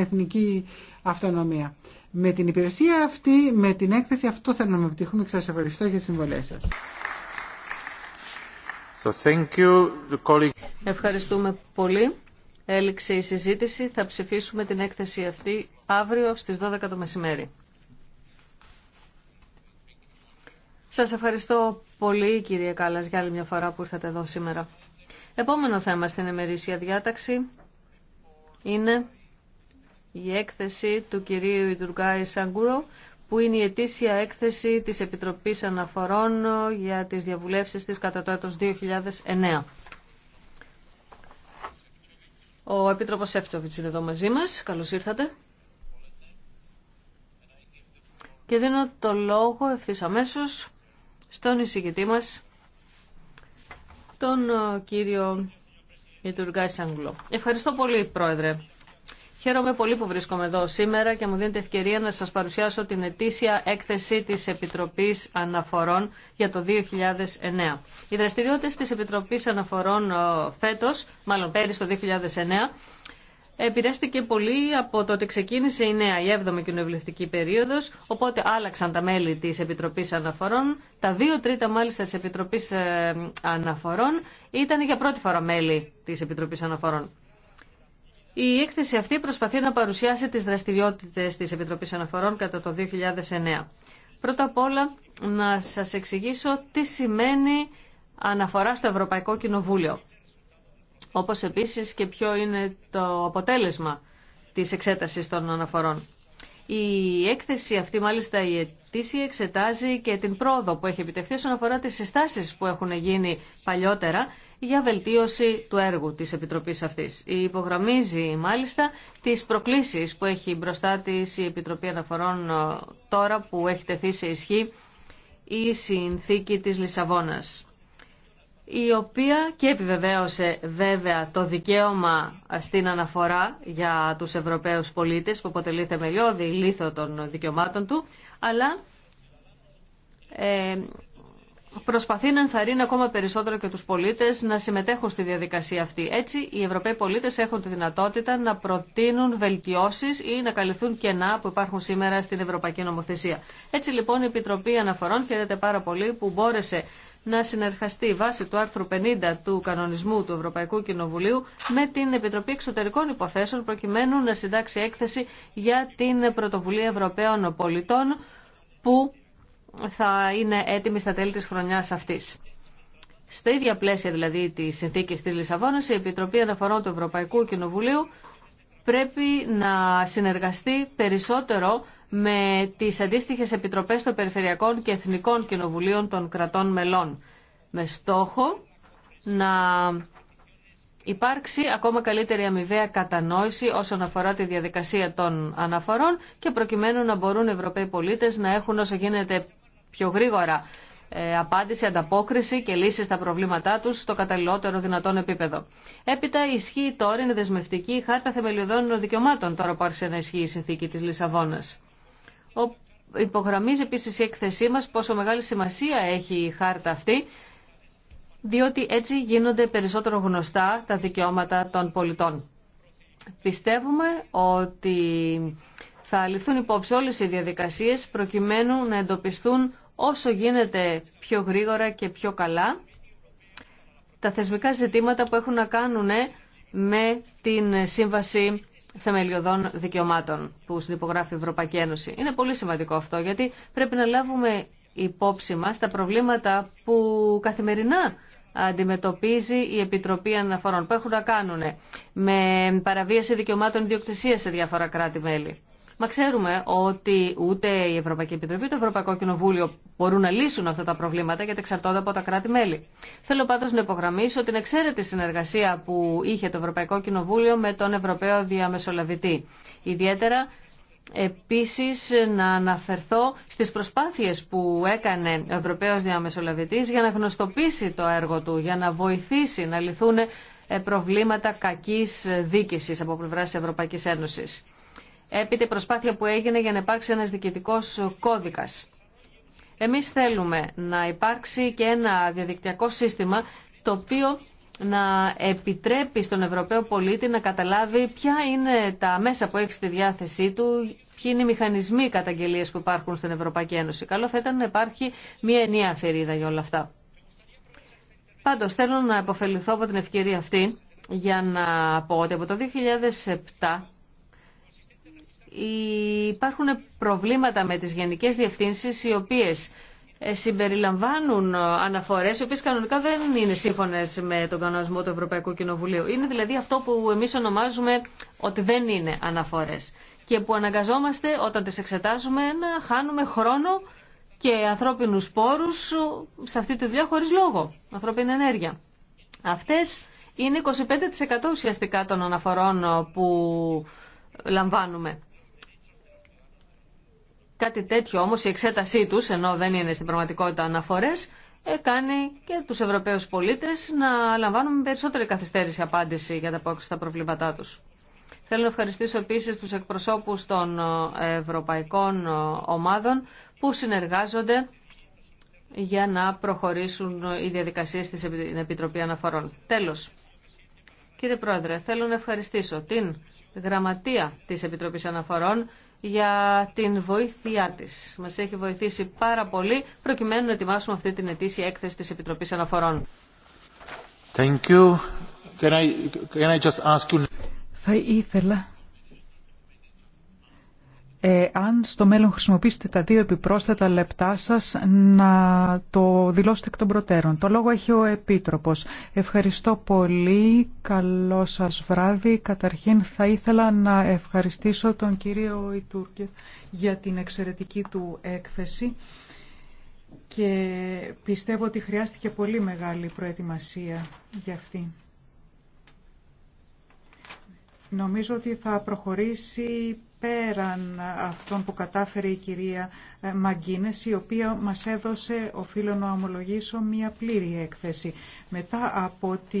εθνική αυτονομία. Με την υπηρεσία αυτή, με την έκθεση αυτό θέλω να επιτύχουμε και σας ευχαριστώ για τις συμβολές σας. So thank you, the Ευχαριστούμε πολύ. Έληξε η συζήτηση. Θα ψηφίσουμε την έκθεση αυτή αύριο στις 12 το μεσημέρι. Σας ευχαριστώ πολύ κύριε Κάλλας για άλλη μια φορά που ήρθατε εδώ σήμερα. Επόμενο θέμα στην εμερήσια διάταξη είναι η έκθεση του κυρίου Ιντουργάη Σαγκούρο που είναι η ετήσια έκθεση της Επιτροπής Αναφορών για τις διαβουλεύσεις της κατά το έτος 2009. Ο Επίτροπος Σεύτσοβιτς είναι εδώ μαζί μας. Καλώς ήρθατε. Και δίνω το λόγο ευθύ αμέσω στον εισηγητή μας, τον ε, κύριο Ιτουργάη Σαγκούρο. Ευχαριστώ πολύ, Πρόεδρε. Χαίρομαι πολύ που βρίσκομαι εδώ σήμερα και μου δίνετε ευκαιρία να σας παρουσιάσω την ετήσια έκθεση της Επιτροπής Αναφορών για το 2009. Οι δραστηριότητες της Επιτροπής Αναφορών ε, φέτος, μάλλον πέρυσι το 2009, επηρέστηκε πολύ από το ότι ξεκίνησε η νέα, η 7η κοινοβουλευτική περίοδο. Οπότε άλλαξαν τα μέλη τη Επιτροπή Αναφορών. Τα δύο τρίτα μάλιστα τη Επιτροπή ε, Αναφορών ήταν για πρώτη φορά μέλη τη Επιτροπή Αναφορών. Η έκθεση αυτή προσπαθεί να παρουσιάσει τις δραστηριότητες της Επιτροπής Αναφορών κατά το 2009. Πρώτα απ' όλα να σας εξηγήσω τι σημαίνει αναφορά στο Ευρωπαϊκό Κοινοβούλιο. Όπως επίσης και ποιο είναι το αποτέλεσμα της εξέτασης των αναφορών. Η έκθεση αυτή, μάλιστα η ετήσια, εξετάζει και την πρόοδο που έχει επιτευχθεί όσον αφορά τις συστάσεις που έχουν γίνει παλιότερα για βελτίωση του έργου της Επιτροπής αυτής. Υπογραμμίζει μάλιστα τις προκλήσεις που έχει μπροστά της η Επιτροπή Αναφορών ε, τώρα που έχει τεθεί σε ισχύ η συνθήκη της Λισαβόνας η οποία και επιβεβαίωσε βέβαια το δικαίωμα στην αναφορά για τους Ευρωπαίους πολίτες που αποτελεί θεμελιώδη λίθο των δικαιωμάτων του αλλά ε, προσπαθεί να ενθαρρύνει ακόμα περισσότερο και τους πολίτες να συμμετέχουν στη διαδικασία αυτή. Έτσι, οι Ευρωπαίοι πολίτες έχουν τη δυνατότητα να προτείνουν βελτιώσεις ή να καλυφθούν κενά που υπάρχουν σήμερα στην Ευρωπαϊκή Νομοθεσία. Έτσι λοιπόν η Επιτροπή Αναφορών χαίρεται πάρα πολύ που μπόρεσε να συνεργαστεί βάσει του άρθρου 50 του κανονισμού του Ευρωπαϊκού Κοινοβουλίου με την Επιτροπή Εξωτερικών Υποθέσεων προκειμένου να συντάξει έκθεση για την πρωτοβουλία Ευρωπαίων πολιτών που θα είναι έτοιμη στα τέλη της χρονιάς αυτής. Στα ίδια πλαίσια δηλαδή τη συνθήκη τη Λισαβόνα, η Επιτροπή Αναφορών του Ευρωπαϊκού Κοινοβουλίου πρέπει να συνεργαστεί περισσότερο με τις αντίστοιχες επιτροπές των Περιφερειακών και Εθνικών Κοινοβουλίων των κρατών μελών με στόχο να υπάρξει ακόμα καλύτερη αμοιβαία κατανόηση όσον αφορά τη διαδικασία των αναφορών και προκειμένου να μπορούν οι Ευρωπαίοι πολίτες να έχουν όσο γίνεται πιο γρήγορα ε, απάντηση, ανταπόκριση και λύσει στα προβλήματά του στο καταλληλότερο δυνατόν επίπεδο. Έπειτα ισχύει τώρα, είναι δεσμευτική η Χάρτα Θεμελιωδών Δικαιωμάτων, τώρα που άρχισε να ισχύει η συνθήκη τη Λισαβόνα. Υπογραμμίζει επίση η έκθεσή μα πόσο μεγάλη σημασία έχει η χάρτα αυτή, διότι έτσι γίνονται περισσότερο γνωστά τα δικαιώματα των πολιτών. Πιστεύουμε ότι θα ληφθούν υπόψη όλες οι διαδικασίες προκειμένου να εντοπιστούν όσο γίνεται πιο γρήγορα και πιο καλά τα θεσμικά ζητήματα που έχουν να κάνουν ε, με την Σύμβαση Θεμελιωδών Δικαιωμάτων που συνυπογράφει η Ευρωπαϊκή Ένωση. Είναι πολύ σημαντικό αυτό γιατί πρέπει να λάβουμε υπόψη μας τα προβλήματα που καθημερινά αντιμετωπίζει η Επιτροπή Αναφορών που έχουν να κάνουν ε, με παραβίαση δικαιωμάτων ιδιοκτησία σε διάφορα κράτη-μέλη. Μα ξέρουμε ότι ούτε η Ευρωπαϊκή Επιτροπή ούτε το Ευρωπαϊκό Κοινοβούλιο μπορούν να λύσουν αυτά τα προβλήματα γιατί εξαρτώνται από τα κράτη-μέλη. Θέλω πάντω να υπογραμμίσω την εξαίρετη συνεργασία που είχε το Ευρωπαϊκό Κοινοβούλιο με τον Ευρωπαίο Διαμεσολαβητή. Ιδιαίτερα επίσης να αναφερθώ στις προσπάθειες που έκανε ο Ευρωπαίος Διαμεσολαβητής για να γνωστοποιήσει το έργο του, για να βοηθήσει να λυθούν ε, προβλήματα κακής δίκηση από πλευρά της Ευρωπαϊκής Ένωσης έπειτα η προσπάθεια που έγινε για να υπάρξει ένας διοικητικός κώδικας. Εμείς θέλουμε να υπάρξει και ένα διαδικτυακό σύστημα το οποίο να επιτρέπει στον Ευρωπαίο πολίτη να καταλάβει ποια είναι τα μέσα που έχει στη διάθεσή του, ποιοι είναι οι μηχανισμοί καταγγελίε που υπάρχουν στην Ευρωπαϊκή Ένωση. Καλό θα ήταν να υπάρχει μια ενιαία αφαιρίδα για όλα αυτά. Πάντω, θέλω να αποφεληθώ από την ευκαιρία αυτή για να πω ότι από το 2007 υπάρχουν προβλήματα με τις γενικές διευθύνσεις οι οποίες ε, συμπεριλαμβάνουν ε, αναφορές οι οποίες κανονικά δεν είναι σύμφωνες με τον κανονισμό του Ευρωπαϊκού Κοινοβουλίου. Είναι δηλαδή αυτό που εμείς ονομάζουμε ότι δεν είναι αναφορές και που αναγκαζόμαστε όταν τις εξετάζουμε να χάνουμε χρόνο και ανθρώπινους πόρους ε, σε αυτή τη δουλειά χωρίς λόγο, ανθρώπινη ενέργεια. Αυτές είναι 25% ουσιαστικά των αναφορών που λαμβάνουμε. Κάτι τέτοιο όμως η εξέτασή τους, ενώ δεν είναι στην πραγματικότητα αναφορές, ε, κάνει και τους Ευρωπαίους πολίτες να λαμβάνουν περισσότερη καθυστέρηση απάντηση για τα στα προβλήματά τους. Θέλω να ευχαριστήσω επίσης τους εκπροσώπους των ε, ευρωπαϊκών ε, ομάδων που συνεργάζονται για να προχωρήσουν οι διαδικασίες στην Επιτροπή Αναφορών. Τέλος, κύριε Πρόεδρε, θέλω να ευχαριστήσω την Γραμματεία της Επιτροπής Αναφορών για την βοήθειά της. Μας έχει βοηθήσει πάρα πολύ προκειμένου να ετοιμάσουμε αυτή την ετήσια έκθεση τη επιτροπή Αναφορών. Thank you. Can I, can I just ask you... Θα ήθελα ε, αν στο μέλλον χρησιμοποιήσετε τα δύο επιπρόσθετα λεπτά σας να το δηλώσετε εκ των προτέρων. Το λόγο έχει ο Επίτροπος. Ευχαριστώ πολύ. Καλό σας βράδυ. Καταρχήν θα ήθελα να ευχαριστήσω τον κύριο Ιτούρκε για την εξαιρετική του έκθεση και πιστεύω ότι χρειάστηκε πολύ μεγάλη προετοιμασία για αυτή. Νομίζω ότι θα προχωρήσει πέραν αυτών που κατάφερε η κυρία ε, Μαγκίνες, η οποία μας έδωσε, οφείλω να ομολογήσω, μία πλήρη έκθεση. Μετά από τη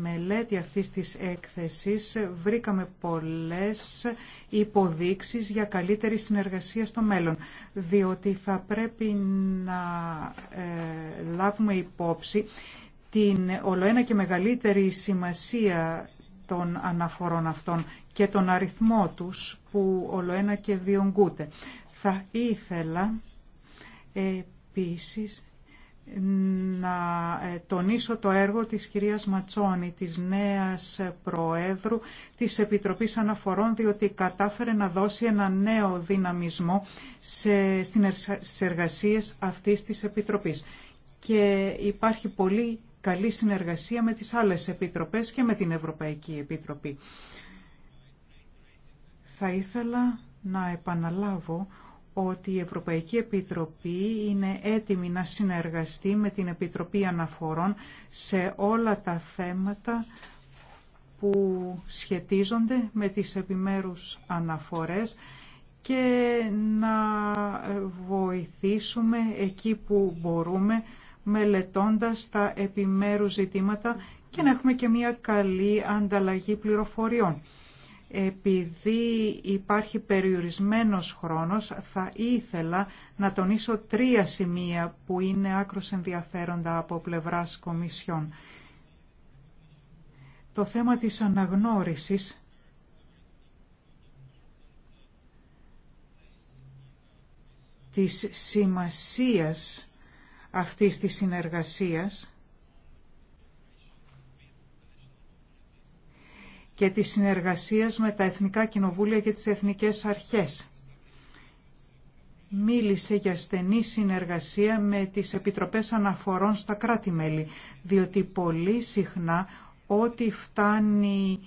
μελέτη αυτής της έκθεσης βρήκαμε πολλές υποδείξεις για καλύτερη συνεργασία στο μέλλον, διότι θα πρέπει να ε, λάβουμε υπόψη την ολοένα και μεγαλύτερη σημασία των αναφορών αυτών και τον αριθμό τους που ολοένα και διονγκούται. Θα ήθελα επίσης να ε, τονίσω το έργο της κυρίας Ματσόνη, της νέας Προέδρου της Επιτροπής Αναφορών, διότι κατάφερε να δώσει ένα νέο δυναμισμό σε, στις εργασίες αυτής της Επιτροπής. Και υπάρχει πολύ καλή συνεργασία με τις άλλες επιτροπές και με την Ευρωπαϊκή Επιτροπή. Θα ήθελα να επαναλάβω ότι η Ευρωπαϊκή Επιτροπή είναι έτοιμη να συνεργαστεί με την Επιτροπή Αναφορών σε όλα τα θέματα που σχετίζονται με τις επιμέρους αναφορές και να βοηθήσουμε εκεί που μπορούμε μελετώντας τα επιμέρους ζητήματα και να έχουμε και μια καλή ανταλλαγή πληροφοριών. Επειδή υπάρχει περιορισμένος χρόνος, θα ήθελα να τονίσω τρία σημεία που είναι άκρος ενδιαφέροντα από πλευράς Κομισιόν. Το θέμα της αναγνώρισης της σημασίας αυτής της συνεργασίας και της συνεργασίας με τα Εθνικά Κοινοβούλια και τις Εθνικές Αρχές. Μίλησε για στενή συνεργασία με τις Επιτροπές Αναφορών στα κράτη-μέλη, διότι πολύ συχνά ό,τι φτάνει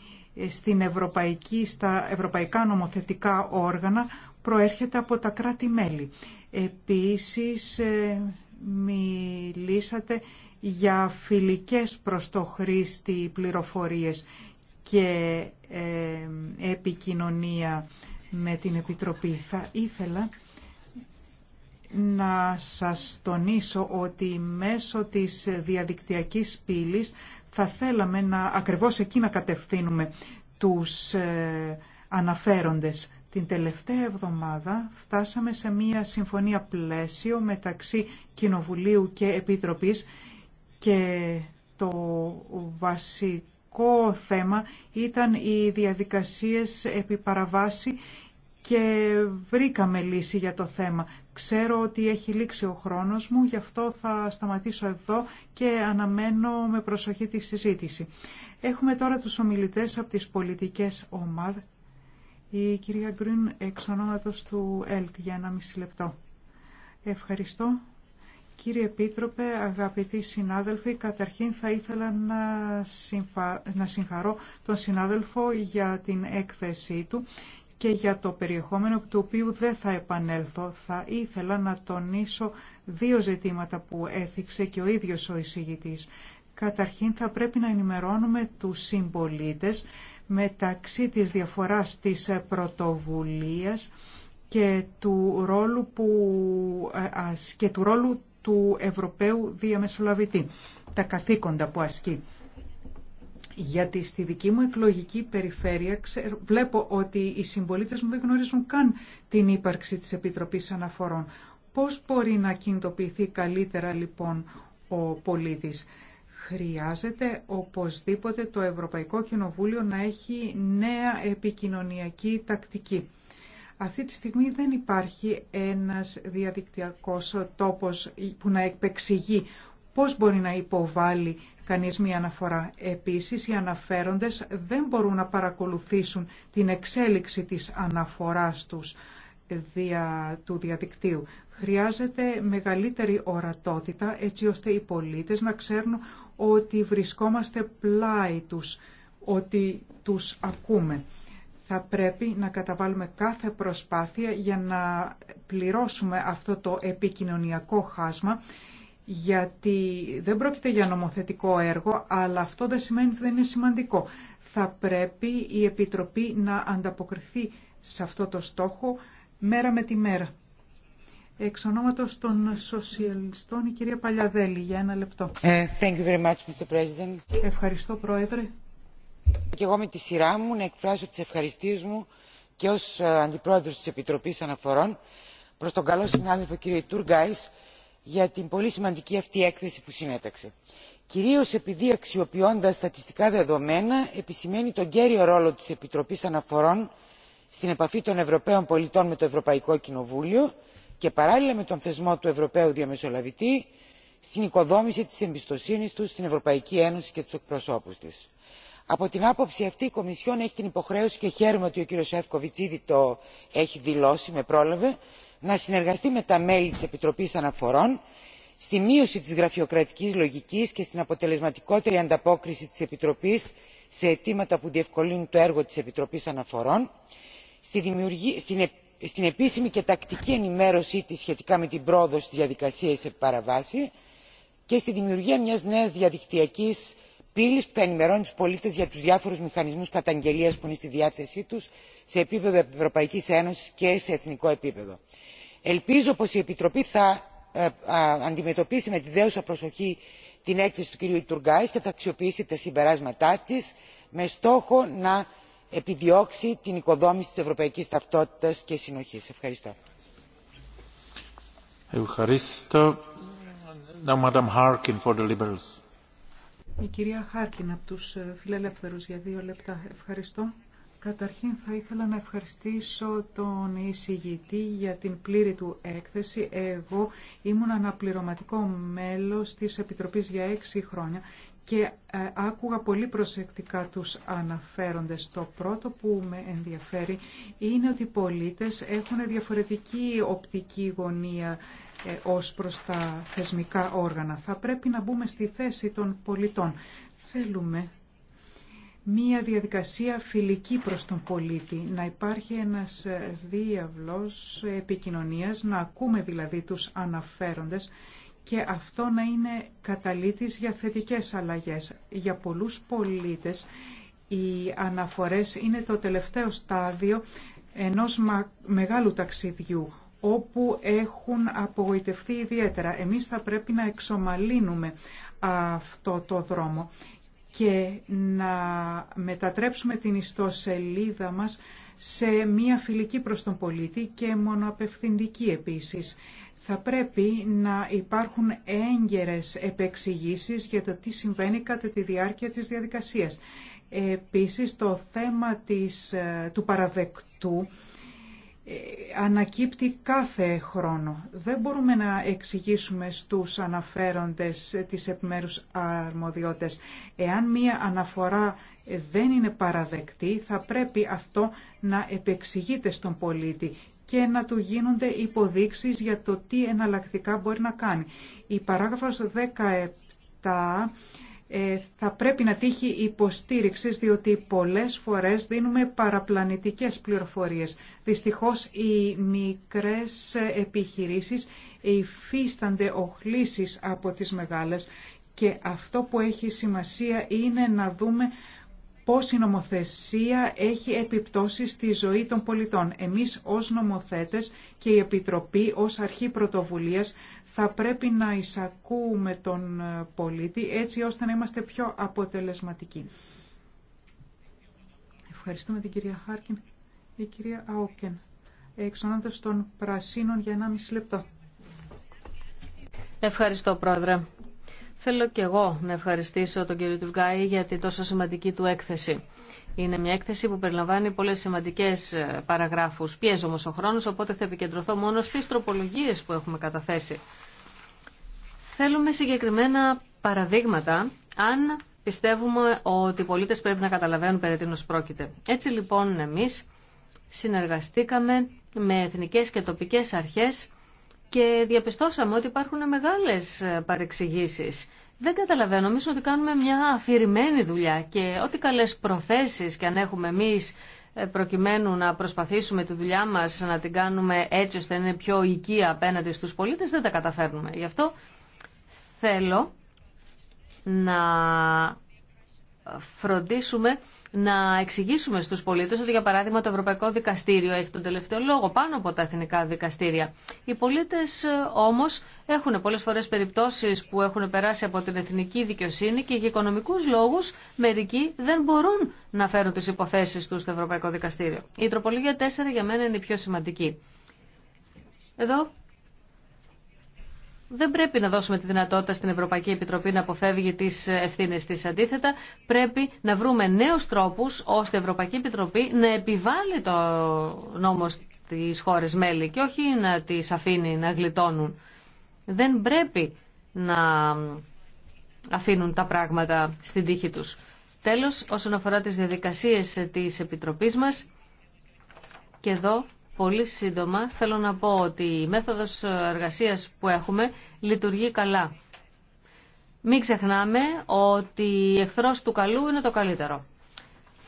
στην ευρωπαϊκή, στα ευρωπαϊκά νομοθετικά όργανα προέρχεται από τα κράτη-μέλη. Επίσης, ε, μιλήσατε για φιλικές προς το χρήστη πληροφορίες και ε, επικοινωνία με την Επιτροπή. Θα ήθελα να σας τονίσω ότι μέσω της διαδικτυακής πύλης θα θέλαμε να ακριβώς εκεί να κατευθύνουμε τους ε, αναφέροντες την τελευταία εβδομάδα φτάσαμε σε μία συμφωνία πλαίσιο μεταξύ Κοινοβουλίου και Επιτροπής και το βασικό θέμα ήταν οι διαδικασίες επί παραβάση και βρήκαμε λύση για το θέμα. Ξέρω ότι έχει λήξει ο χρόνος μου, γι' αυτό θα σταματήσω εδώ και αναμένω με προσοχή τη συζήτηση. Έχουμε τώρα τους ομιλητές από τις πολιτικές ομάδες η κυρία Γκριν εξ ονόματος του ΕΛΚ για ένα μισή λεπτό. Ευχαριστώ. Κύριε Επίτροπε, αγαπητοί συνάδελφοι, καταρχήν θα ήθελα να, να συγχαρώ τον συνάδελφο για την έκθεσή του και για το περιεχόμενο του οποίου δεν θα επανέλθω. Θα ήθελα να τονίσω δύο ζητήματα που έθιξε και ο ίδιος ο εισηγητής. Καταρχήν θα πρέπει να ενημερώνουμε τους συμπολίτες μεταξύ της διαφοράς της ε, πρωτοβουλίας και του ρόλου, που, ε, και του, ρόλου του Ευρωπαίου Διαμεσολαβητή, τα καθήκοντα που ασκεί. Γιατί στη δική μου εκλογική περιφέρεια βλέπω ότι οι συμπολίτες μου δεν γνωρίζουν καν την ύπαρξη της Επιτροπής Αναφορών. Πώς μπορεί να κινητοποιηθεί καλύτερα λοιπόν ο πολίτης. Χρειάζεται οπωσδήποτε το Ευρωπαϊκό Κοινοβούλιο να έχει νέα επικοινωνιακή τακτική. Αυτή τη στιγμή δεν υπάρχει ένας διαδικτυακός τόπος που να επεξηγεί πώς μπορεί να υποβάλει κανείς μία αναφορά. Επίσης, οι αναφέροντες δεν μπορούν να παρακολουθήσουν την εξέλιξη της αναφοράς τους δια, του διαδικτύου. Χρειάζεται μεγαλύτερη ορατότητα έτσι ώστε οι πολίτες να ξέρουν ότι βρισκόμαστε πλάι τους, ότι τους ακούμε. Θα πρέπει να καταβάλουμε κάθε προσπάθεια για να πληρώσουμε αυτό το επικοινωνιακό χάσμα, γιατί δεν πρόκειται για νομοθετικό έργο, αλλά αυτό δεν σημαίνει ότι δεν είναι σημαντικό. Θα πρέπει η Επιτροπή να ανταποκριθεί σε αυτό το στόχο μέρα με τη μέρα. Εξ ονόματος των Σοσιαλιστών, η κυρία Παλιαδέλη, για ένα λεπτό. Ε, thank you very much, Mr. Ευχαριστώ, Πρόεδρε. Και εγώ με τη σειρά μου να εκφράσω τις ευχαριστίες μου και ως ε, Αντιπρόεδρος της Επιτροπής Αναφορών προς τον καλό συνάδελφο κύριο Τουργκάης για την πολύ σημαντική αυτή έκθεση που συνέταξε. Κυρίως επειδή αξιοποιώντας στατιστικά δεδομένα επισημαίνει τον κέριο ρόλο της Επιτροπής Αναφορών στην επαφή των Ευρωπαίων πολιτών με το Ευρωπαϊκό Κοινοβούλιο και παράλληλα με τον θεσμό του ευρωπαίου διαμεσολαβητή στην οικοδόμηση της εμπιστοσύνης του στην ευρωπαϊκή ένωση και τους εκπροσώπους της. από την άποψη αυτή η κομισιόν έχει την υποχρέωση και χαίρομαι ότι ο κ. efovi ήδη το έχει δηλώσει με πρόλαβε να συνεργαστεί με τα μέλη της επιτροπής αναφορών στη μείωση της γραφειοκρατικής λογικής και στην αποτελεσματικότερη ανταπόκριση της επιτροπής σε αιτήματα που διευκολύνουν το έργο της επιτροπής αναφορών στην στην επίσημη και τακτική ενημέρωσή της σχετικά με την πρόοδο στις διαδικασίες επί παραβάση και στη δημιουργία μιας νέας διαδικτυακής πύλης που θα ενημερώνει τους πολίτες για τους διάφορους μηχανισμούς καταγγελίας που είναι στη διάθεσή τους σε επίπεδο ευρωπαϊκής ένωσης και σε εθνικό επίπεδο. ελπίζω πως η επιτροπή θα ε, αντιμετωπίσει με τη δέουσα προσοχή την έκθεση του κ. Τουργκάης και θα αξιοποιήσει τα συμπεράσματά της με στόχο να επιδιώξει την οικοδόμηση της ευρωπαϊκής ταυτότητας και συνοχής. Ευχαριστώ. Ευχαριστώ. Harkin for the Liberals. Η κυρία Χάρκιν από τους ε, φιλελεύθερους για δύο λεπτά. Ευχαριστώ. Καταρχήν θα ήθελα να ευχαριστήσω τον εισηγητή για την πλήρη του έκθεση. Εγώ ήμουν αναπληρωματικό μέλος της Επιτροπής για έξι χρόνια και ε, άκουγα πολύ προσεκτικά τους αναφέροντες. Το πρώτο που με ενδιαφέρει είναι ότι οι πολίτες έχουν διαφορετική οπτική γωνία ε, ως προς τα θεσμικά όργανα. Θα πρέπει να μπούμε στη θέση των πολιτών. Θέλουμε μία διαδικασία φιλική προς τον πολίτη, να υπάρχει ένας ε, διάβλος επικοινωνίας, να ακούμε δηλαδή τους αναφέροντες και αυτό να είναι καταλήτης για θετικές αλλαγές. Για πολλούς πολίτες οι αναφορές είναι το τελευταίο στάδιο ενός μεγάλου ταξιδιού όπου έχουν απογοητευτεί ιδιαίτερα. Εμείς θα πρέπει να εξομαλύνουμε αυτό το δρόμο και να μετατρέψουμε την ιστοσελίδα μας σε μία φιλική προς τον πολίτη και μονοαπευθυντική επίσης. Θα πρέπει να υπάρχουν έγκαιρες επεξηγήσεις για το τι συμβαίνει κατά τη διάρκεια της διαδικασίας. Επίσης, το θέμα της, ε, του παραδεκτού ε, ανακύπτει κάθε χρόνο. Δεν μπορούμε να εξηγήσουμε στους αναφέροντες τις επιμέρους αρμοδιότητες. Εάν μία αναφορά δεν είναι παραδεκτή, θα πρέπει αυτό να επεξηγείται στον πολίτη και να του γίνονται υποδείξεις για το τι εναλλακτικά μπορεί να κάνει. Η παράγραφος 17 ε, θα πρέπει να τύχει υποστήριξης διότι πολλές φορές δίνουμε παραπλανητικές πληροφορίες. Δυστυχώς οι μικρές επιχειρήσεις υφίστανται οχλήσεις από τις μεγάλες και αυτό που έχει σημασία είναι να δούμε πώς η νομοθεσία έχει επιπτώσει στη ζωή των πολιτών. Εμείς ως νομοθέτες και η Επιτροπή ως αρχή πρωτοβουλίας θα πρέπει να εισακούμε τον ε, πολίτη έτσι ώστε να είμαστε πιο αποτελεσματικοί. Ευχαριστούμε την κυρία Χάρκιν και κυρία Αόκεν. Εξωνάντες των πρασίνων για 1,5 λεπτό. Ευχαριστώ πρόεδρε. Θέλω και εγώ να ευχαριστήσω τον κύριο Τουρκάη για την τόσο σημαντική του έκθεση. Είναι μια έκθεση που περιλαμβάνει πολλές σημαντικές ε, παραγράφους. Πιέζω όμω ο χρόνο, οπότε θα επικεντρωθώ μόνο στις τροπολογίες που έχουμε καταθέσει. Θέλουμε συγκεκριμένα παραδείγματα αν πιστεύουμε ότι οι πολίτες πρέπει να καταλαβαίνουν περί τίνο πρόκειται. Έτσι λοιπόν εμεί συνεργαστήκαμε με εθνικέ και τοπικέ αρχέ και διαπιστώσαμε ότι υπάρχουν μεγάλες ε, παρεξηγήσεις. Δεν καταλαβαίνω, νομίζω ότι κάνουμε μια αφηρημένη δουλειά και ό,τι καλές προθέσεις και αν έχουμε εμείς ε, προκειμένου να προσπαθήσουμε τη δουλειά μας να την κάνουμε έτσι ώστε να είναι πιο οικία απέναντι στους πολίτες, δεν τα καταφέρνουμε. Γι' αυτό θέλω να φροντίσουμε να εξηγήσουμε στους πολίτες ότι για παράδειγμα το Ευρωπαϊκό Δικαστήριο έχει τον τελευταίο λόγο πάνω από τα εθνικά δικαστήρια. Οι πολίτες ε, όμως έχουν πολλές φορές περιπτώσεις που έχουν περάσει από την εθνική δικαιοσύνη και για οικονομικούς λόγους μερικοί δεν μπορούν να φέρουν τις υποθέσεις τους στο Ευρωπαϊκό Δικαστήριο. Η τροπολογία 4 για μένα είναι η πιο σημαντική. Εδώ δεν πρέπει να δώσουμε τη δυνατότητα στην Ευρωπαϊκή Επιτροπή να αποφεύγει τις ευθύνε τη Αντίθετα, πρέπει να βρούμε νέους τρόπους ώστε η Ευρωπαϊκή Επιτροπή να επιβάλλει το νόμο στι χώρες μέλη και όχι να τι αφήνει να γλιτώνουν. Δεν πρέπει να αφήνουν τα πράγματα στην τύχη τους. Τέλος, όσον αφορά τις διαδικασίες της Επιτροπής μας, και εδώ Πολύ σύντομα θέλω να πω ότι η μέθοδος εργασίας που έχουμε λειτουργεί καλά. Μην ξεχνάμε ότι η εχθρός του καλού είναι το καλύτερο.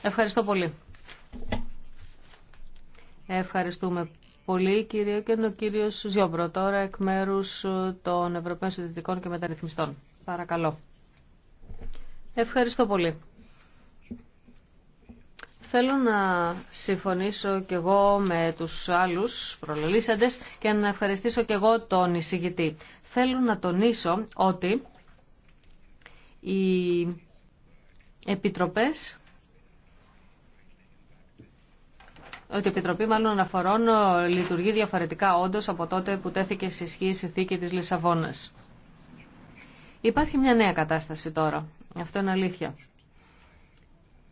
Ευχαριστώ πολύ. Ευχαριστούμε πολύ κύριε και ο κύριος Ζιόμπρο τώρα εκ μέρους των Ευρωπαίων Συντηρητικών και Μεταρρυθμιστών. Παρακαλώ. Ευχαριστώ πολύ. Θέλω να συμφωνήσω και εγώ με τους άλλους προλαλήσαντες και να ευχαριστήσω και εγώ τον εισηγητή. Θέλω να τονίσω ότι οι επιτροπές ότι η Επιτροπή μάλλον αναφορών λειτουργεί διαφορετικά όντω από τότε που τέθηκε σε ισχύ η συνθήκη της Λισαβόνας. Υπάρχει μια νέα κατάσταση τώρα. Αυτό είναι αλήθεια.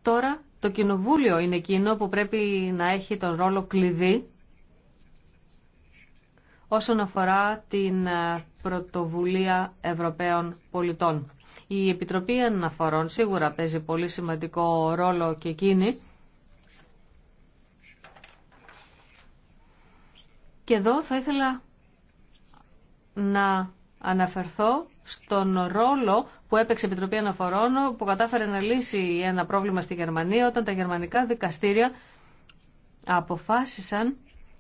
Τώρα το Κοινοβούλιο είναι εκείνο που πρέπει να έχει τον ρόλο κλειδί όσον αφορά την ε, πρωτοβουλία Ευρωπαίων πολιτών. Η Επιτροπή Αναφορών σίγουρα παίζει πολύ σημαντικό ρόλο και εκείνη. Και εδώ θα ήθελα να αναφερθώ στον ρόλο που έπαιξε η Επιτροπή Αναφορών που κατάφερε να λύσει ένα πρόβλημα στη Γερμανία όταν τα γερμανικά δικαστήρια αποφάσισαν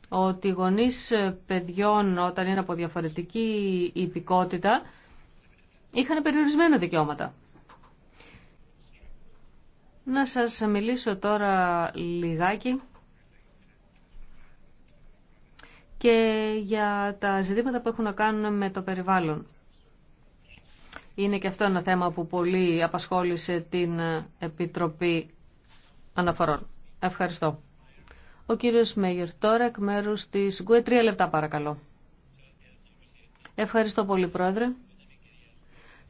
ότι οι γονείς παιδιών όταν είναι από διαφορετική υπηκότητα είχαν περιορισμένα δικαιώματα. Να σας μιλήσω τώρα λιγάκι και για τα ζητήματα που έχουν να κάνουν με το περιβάλλον. Είναι και αυτό ένα θέμα που πολύ απασχόλησε την Επιτροπή Αναφορών. Ευχαριστώ. Ο κύριος Μέγερ τώρα εκ μέρους της ΓΚΟΕ. Τρία λεπτά παρακαλώ. Ευχαριστώ πολύ πρόεδρε.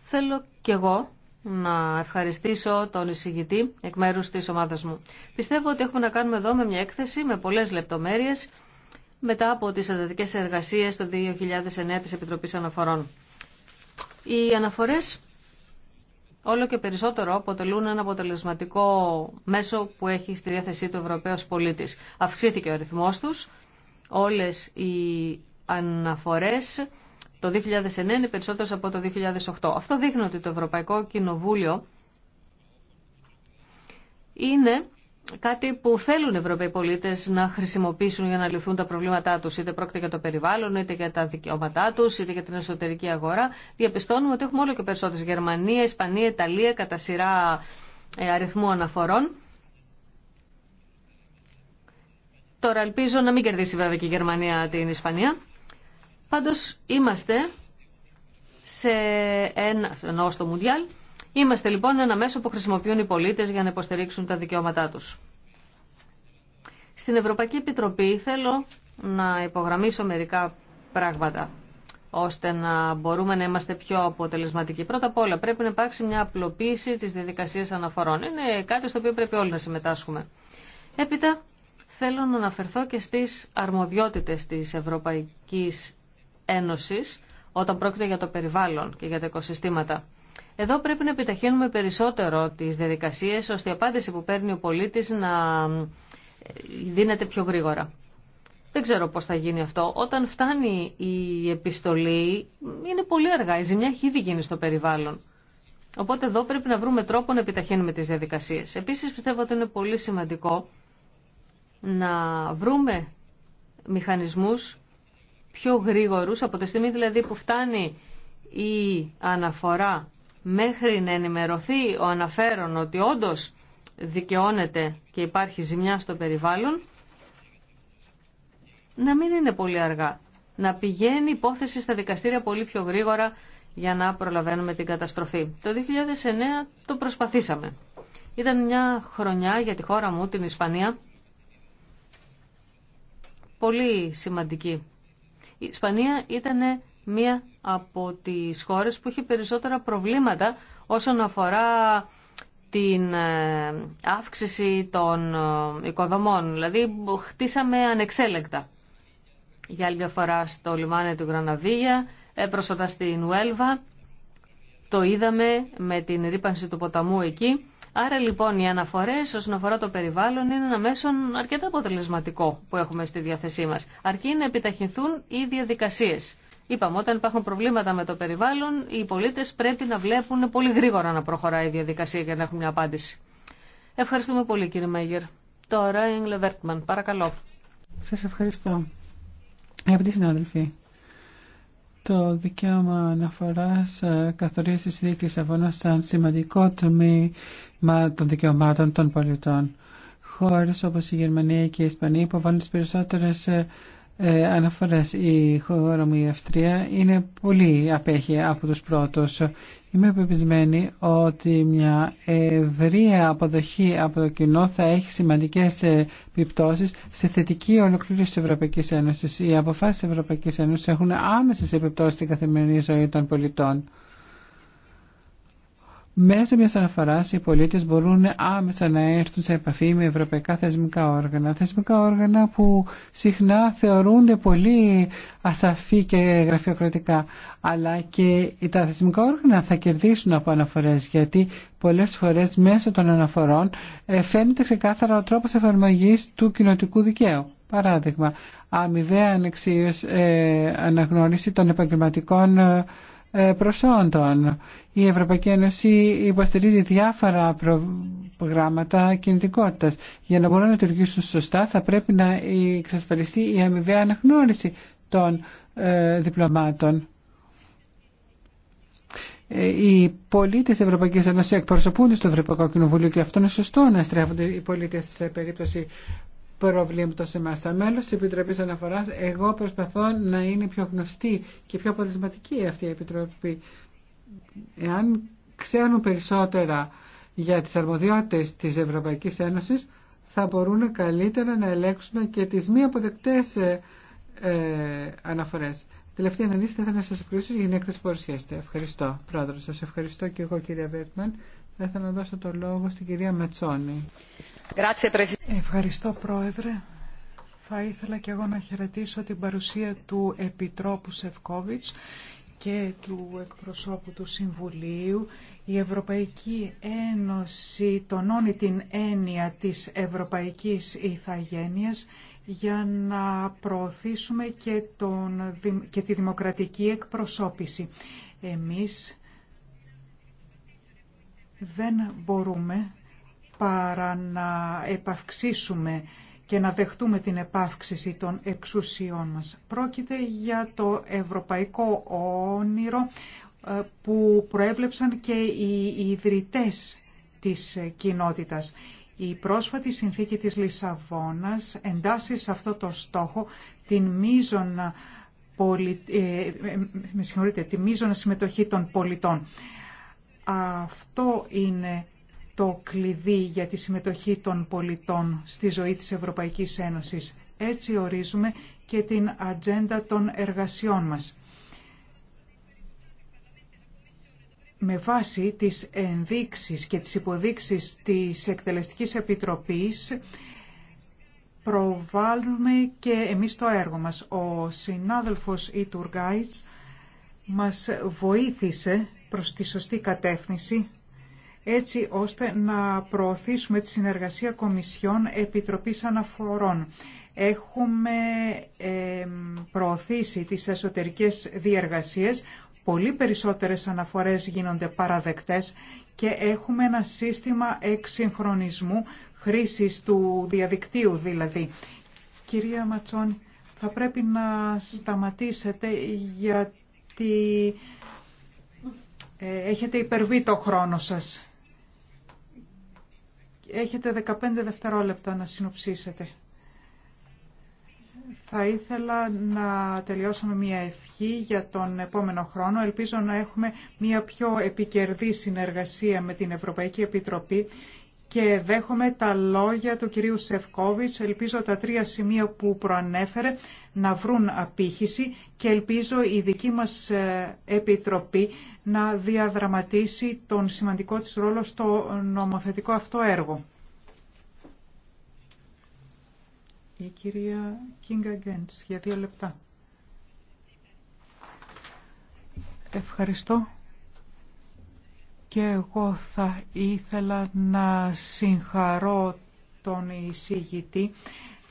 Θέλω κι εγώ να ευχαριστήσω τον εισηγητή εκ μέρους της ομάδας μου. Πιστεύω ότι έχουμε να κάνουμε εδώ με μια έκθεση με πολλές λεπτομέρειες μετά από τις εντατικές εργασίες το 2009 της Επιτροπής Αναφορών. Οι αναφορές όλο και περισσότερο αποτελούν ένα αποτελεσματικό μέσο που έχει στη διάθεσή του Ευρωπαίος πολίτης. Αυξήθηκε ο αριθμός τους, όλες οι αναφορές το 2009 είναι περισσότερες από το 2008. Αυτό δείχνει ότι το Ευρωπαϊκό Κοινοβούλιο είναι κάτι που θέλουν οι Ευρωπαίοι πολίτες να χρησιμοποιήσουν για να λυθούν τα προβλήματά τους, είτε πρόκειται για το περιβάλλον, είτε για τα δικαιώματά τους, είτε για την εσωτερική αγορά. Διαπιστώνουμε ότι έχουμε όλο και περισσότερε. Γερμανία, Ισπανία, Ιταλία κατά σειρά ε, αριθμού αναφορών. Τώρα ελπίζω να μην κερδίσει βέβαια και η Γερμανία την Ισπανία. Πάντως είμαστε σε ένα, στο Μουντιάλ, Είμαστε λοιπόν ένα μέσο που χρησιμοποιούν οι πολίτε για να υποστηρίξουν τα δικαιώματά του. Στην Ευρωπαϊκή Επιτροπή θέλω να υπογραμμίσω μερικά πράγματα ώστε να μπορούμε να είμαστε πιο αποτελεσματικοί. Πρώτα απ' όλα πρέπει να υπάρξει μια απλοποίηση της διαδικασίας αναφορών. Είναι κάτι στο οποίο πρέπει όλοι να συμμετάσχουμε. Έπειτα θέλω να αναφερθώ και στις αρμοδιότητες της Ευρωπαϊκής Ένωσης όταν πρόκειται για το περιβάλλον και για τα οικοσυστήματα. Εδώ πρέπει να επιταχύνουμε περισσότερο τις διαδικασίες ώστε η απάντηση που παίρνει ο πολίτης να ε, δίνεται πιο γρήγορα. Δεν ξέρω πώς θα γίνει αυτό. Όταν φτάνει η επιστολή είναι πολύ αργά. Η ζημιά έχει ήδη γίνει στο περιβάλλον. Οπότε εδώ πρέπει να βρούμε τρόπο να επιταχύνουμε τις διαδικασίες. Επίσης πιστεύω ότι είναι πολύ σημαντικό να βρούμε μηχανισμούς πιο γρήγορους από τη στιγμή δηλαδή που φτάνει η αναφορά μέχρι να ενημερωθεί ο αναφέρον ότι όντως δικαιώνεται και υπάρχει ζημιά στο περιβάλλον, να μην είναι πολύ αργά. Να πηγαίνει υπόθεση στα δικαστήρια πολύ πιο γρήγορα για να προλαβαίνουμε την καταστροφή. Το 2009 το προσπαθήσαμε. Ήταν μια χρονιά για τη χώρα μου, την Ισπανία, πολύ σημαντική. Η Ισπανία ήταν μία από τις χώρες που έχει περισσότερα προβλήματα όσον αφορά την ε, αύξηση των ε, οικοδομών. Δηλαδή χτίσαμε ανεξέλεκτα. Για άλλη μια φορά στο λιμάνι του Γραναβία, πρόσφατα στην Ουέλβα, το είδαμε με την ρήπανση του ποταμού εκεί. Άρα λοιπόν οι αναφορές όσον αφορά το περιβάλλον είναι ένα μέσον αρκετά αποτελεσματικό που έχουμε στη διάθεσή μας, αρκεί να επιταχυνθούν οι διαδικασίες. Είπαμε, όταν υπάρχουν προβλήματα με το περιβάλλον, οι πολίτε πρέπει να βλέπουν πολύ γρήγορα να προχωράει η διαδικασία για να έχουν μια απάντηση. Ευχαριστούμε πολύ, κύριε Μέγερ. Τώρα, η Λεβέρτμαν, παρακαλώ. Σα ευχαριστώ. Αγαπητοί συνάδελφοι, το δικαίωμα αναφορά ε, καθορίζει τη συνθήκη Αβώνα σαν σημαντικό τμήμα των δικαιωμάτων των πολιτών. Χώρε όπω η Γερμανία και η Ισπανία υποβάλλουν τι περισσότερε ε, ε, η χώρα μου η Αυστρία είναι πολύ απέχει από τους πρώτους. Είμαι πεπισμένη ότι μια ευρεία αποδοχή από το κοινό θα έχει σημαντικές ε, επιπτώσεις σε θετική ολοκλήρωση της Ευρωπαϊκής Ένωσης. Οι αποφάσεις της Ευρωπαϊκής Ένωσης έχουν άμεσες επιπτώσεις στην καθημερινή ζωή των πολιτών. Μέσω μιας αναφοράς οι πολίτες μπορούν άμεσα να έρθουν σε επαφή με ευρωπαϊκά θεσμικά όργανα. Θεσμικά όργανα που συχνά θεωρούνται πολύ ασαφή και γραφειοκρατικά. Αλλά και τα θεσμικά όργανα θα κερδίσουν από αναφορές γιατί πολλές φορές μέσω των αναφορών ε, φαίνεται ξεκάθαρα ο τρόπος εφαρμογής του κοινοτικού δικαίου. Παράδειγμα, αμοιβαία ανεξίως ε, αναγνώριση των επαγγελματικών ε, ε, προσόντων. Η Ευρωπαϊκή Ένωση υποστηρίζει διάφορα προγράμματα κινητικότητας. Για να μπορούν να λειτουργήσουν σωστά θα πρέπει να εξασφαλιστεί η αμοιβαία αναγνώριση των ε, διπλωμάτων. Ε, οι πολίτε τη Ευρωπαϊκή Ένωση εκπροσωπούνται στο Ευρωπαϊκό Κοινοβούλιο και αυτό είναι σωστό να στρέφονται οι πολίτε σε περίπτωση προβλήματος σε εμά. Σαν μέλο τη επιτροπή Αναφοράς, εγώ προσπαθώ να είναι πιο γνωστή και πιο αποτελεσματική αυτή η Επιτροπή. Εάν ξέρουν περισσότερα για τις αρμοδιότητες της Ευρωπαϊκής Ένωσης, θα μπορούν καλύτερα να ελέγξουν και τις μη αποδεκτές ε, ε αναφορές. Τελευταία αναλύση θα ήθελα να σας ευχαριστήσω για την έκθεση που παρουσιάσετε. Ευχαριστώ, Πρόεδρο. Σας ευχαριστώ και εγώ, κύριε Βέρτμαν. Θα θα να δώσω το λόγο στην κυρία Μετσόνη. Ευχαριστώ Πρόεδρε. Θα ήθελα και εγώ να χαιρετήσω την παρουσία του Επιτρόπου Σευκόβιτς και του εκπροσώπου του Συμβουλίου. Η Ευρωπαϊκή Ένωση τονώνει την έννοια της Ευρωπαϊκής Ιθαγένειας για να προωθήσουμε και, τον, και τη δημοκρατική εκπροσώπηση. Εμείς δεν μπορούμε παρά να επαυξήσουμε και να δεχτούμε την επαύξηση των εξουσιών μας. Πρόκειται για το ευρωπαϊκό όνειρο ε, που προέβλεψαν και οι ιδρυτές της κοινότητας. Η πρόσφατη συνθήκη της Λισαβόνας εντάσσει σε αυτό το στόχο την μείζωνα πολι... ε, ε, ε με τη μείζωνα συμμετοχή των πολιτών. Αυτό είναι το κλειδί για τη συμμετοχή των πολιτών στη ζωή της Ευρωπαϊκής Ένωσης. Έτσι ορίζουμε και την ατζέντα των εργασιών μας. Με βάση τις ενδείξεις και τις υποδείξεις της Εκτελεστικής Επιτροπής προβάλλουμε και εμείς το έργο μας. Ο συνάδελφος Ιτουργάιτς μας βοήθησε προς τη σωστή κατεύθυνση έτσι ώστε να προωθήσουμε τη συνεργασία Κομισιών Επιτροπής Αναφορών. Έχουμε προωθήσει τις εσωτερικές διεργασίες, πολύ περισσότερες αναφορές γίνονται παραδεκτές και έχουμε ένα σύστημα εξυγχρονισμού χρήσης του διαδικτύου δηλαδή. Κυρία Ματσόνη, θα πρέπει να σταματήσετε γιατί ε, έχετε υπερβεί το χρόνο σας. Έχετε 15 δευτερόλεπτα να συνοψίσετε. Θα ήθελα να τελειώσω μια ευχή για τον επόμενο χρόνο. Ελπίζω να έχουμε μια πιο επικερδή συνεργασία με την Ευρωπαϊκή Επιτροπή και δέχομαι τα λόγια του κυρίου Σεφκόβιτς. Ελπίζω τα τρία σημεία που προανέφερε να βρουν απήχηση και ελπίζω η δική μας ε, Επιτροπή να διαδραματίσει τον σημαντικό της ρόλο στο νομοθετικό αυτό έργο. Η κυρία Κίνγκα Γκέντς για δύο λεπτά. Ευχαριστώ. Και εγώ θα ήθελα να συγχαρώ τον εισηγητή.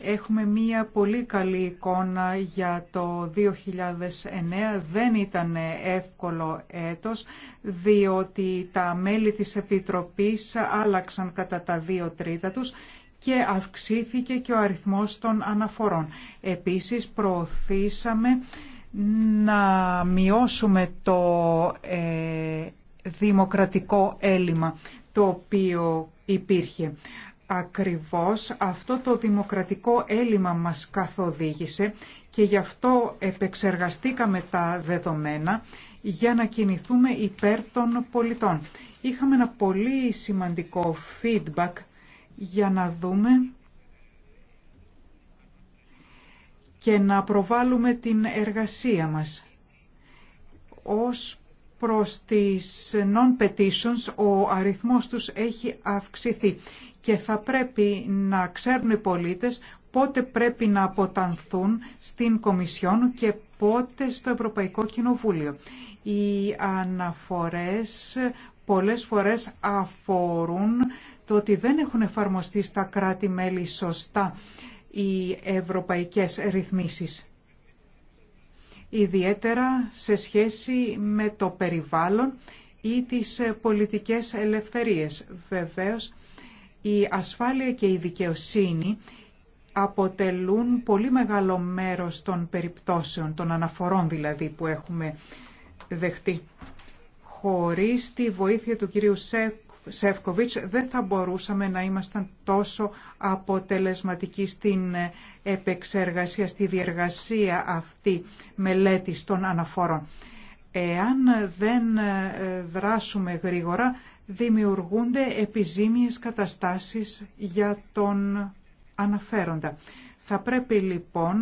Έχουμε μία πολύ καλή εικόνα για το 2009. Δεν ήταν εύκολο έτος, διότι τα μέλη της Επιτροπής άλλαξαν κατά τα δύο τρίτα τους και αυξήθηκε και ο αριθμός των αναφορών. Επίσης προωθήσαμε να μειώσουμε το ε, δημοκρατικό έλλειμμα το οποίο υπήρχε. Ακριβώς αυτό το δημοκρατικό έλλειμμα μας καθοδήγησε και γι' αυτό επεξεργαστήκαμε τα δεδομένα για να κινηθούμε υπέρ των πολιτών. Είχαμε ένα πολύ σημαντικό feedback για να δούμε και να προβάλλουμε την εργασία μας ως προς τις non-petitions ο αριθμός τους έχει αυξηθεί και θα πρέπει να ξέρουν οι πολίτες πότε πρέπει να αποτανθούν στην Κομισιόν και πότε στο Ευρωπαϊκό Κοινοβούλιο. Οι αναφορές πολλές φορές αφορούν το ότι δεν έχουν εφαρμοστεί στα κράτη-μέλη σωστά οι ευρωπαϊκές ρυθμίσεις ιδιαίτερα σε σχέση με το περιβάλλον ή τις ε, πολιτικές ελευθερίες. Βεβαίως, η ασφάλεια και η δικαιοσύνη αποτελούν πολύ μεγάλο μέρος των περιπτώσεων, των αναφορών δηλαδή που έχουμε δεχτεί. Χωρίς τη βοήθεια του κυρίου Σεκ Σεύκοβιτς δεν θα μπορούσαμε να ήμασταν τόσο αποτελεσματικοί στην επεξεργασία, στη διεργασία αυτή μελέτης των αναφορών. Εάν δεν ε, δράσουμε γρήγορα, δημιουργούνται επιζήμιες καταστάσεις για τον αναφέροντα. Θα πρέπει λοιπόν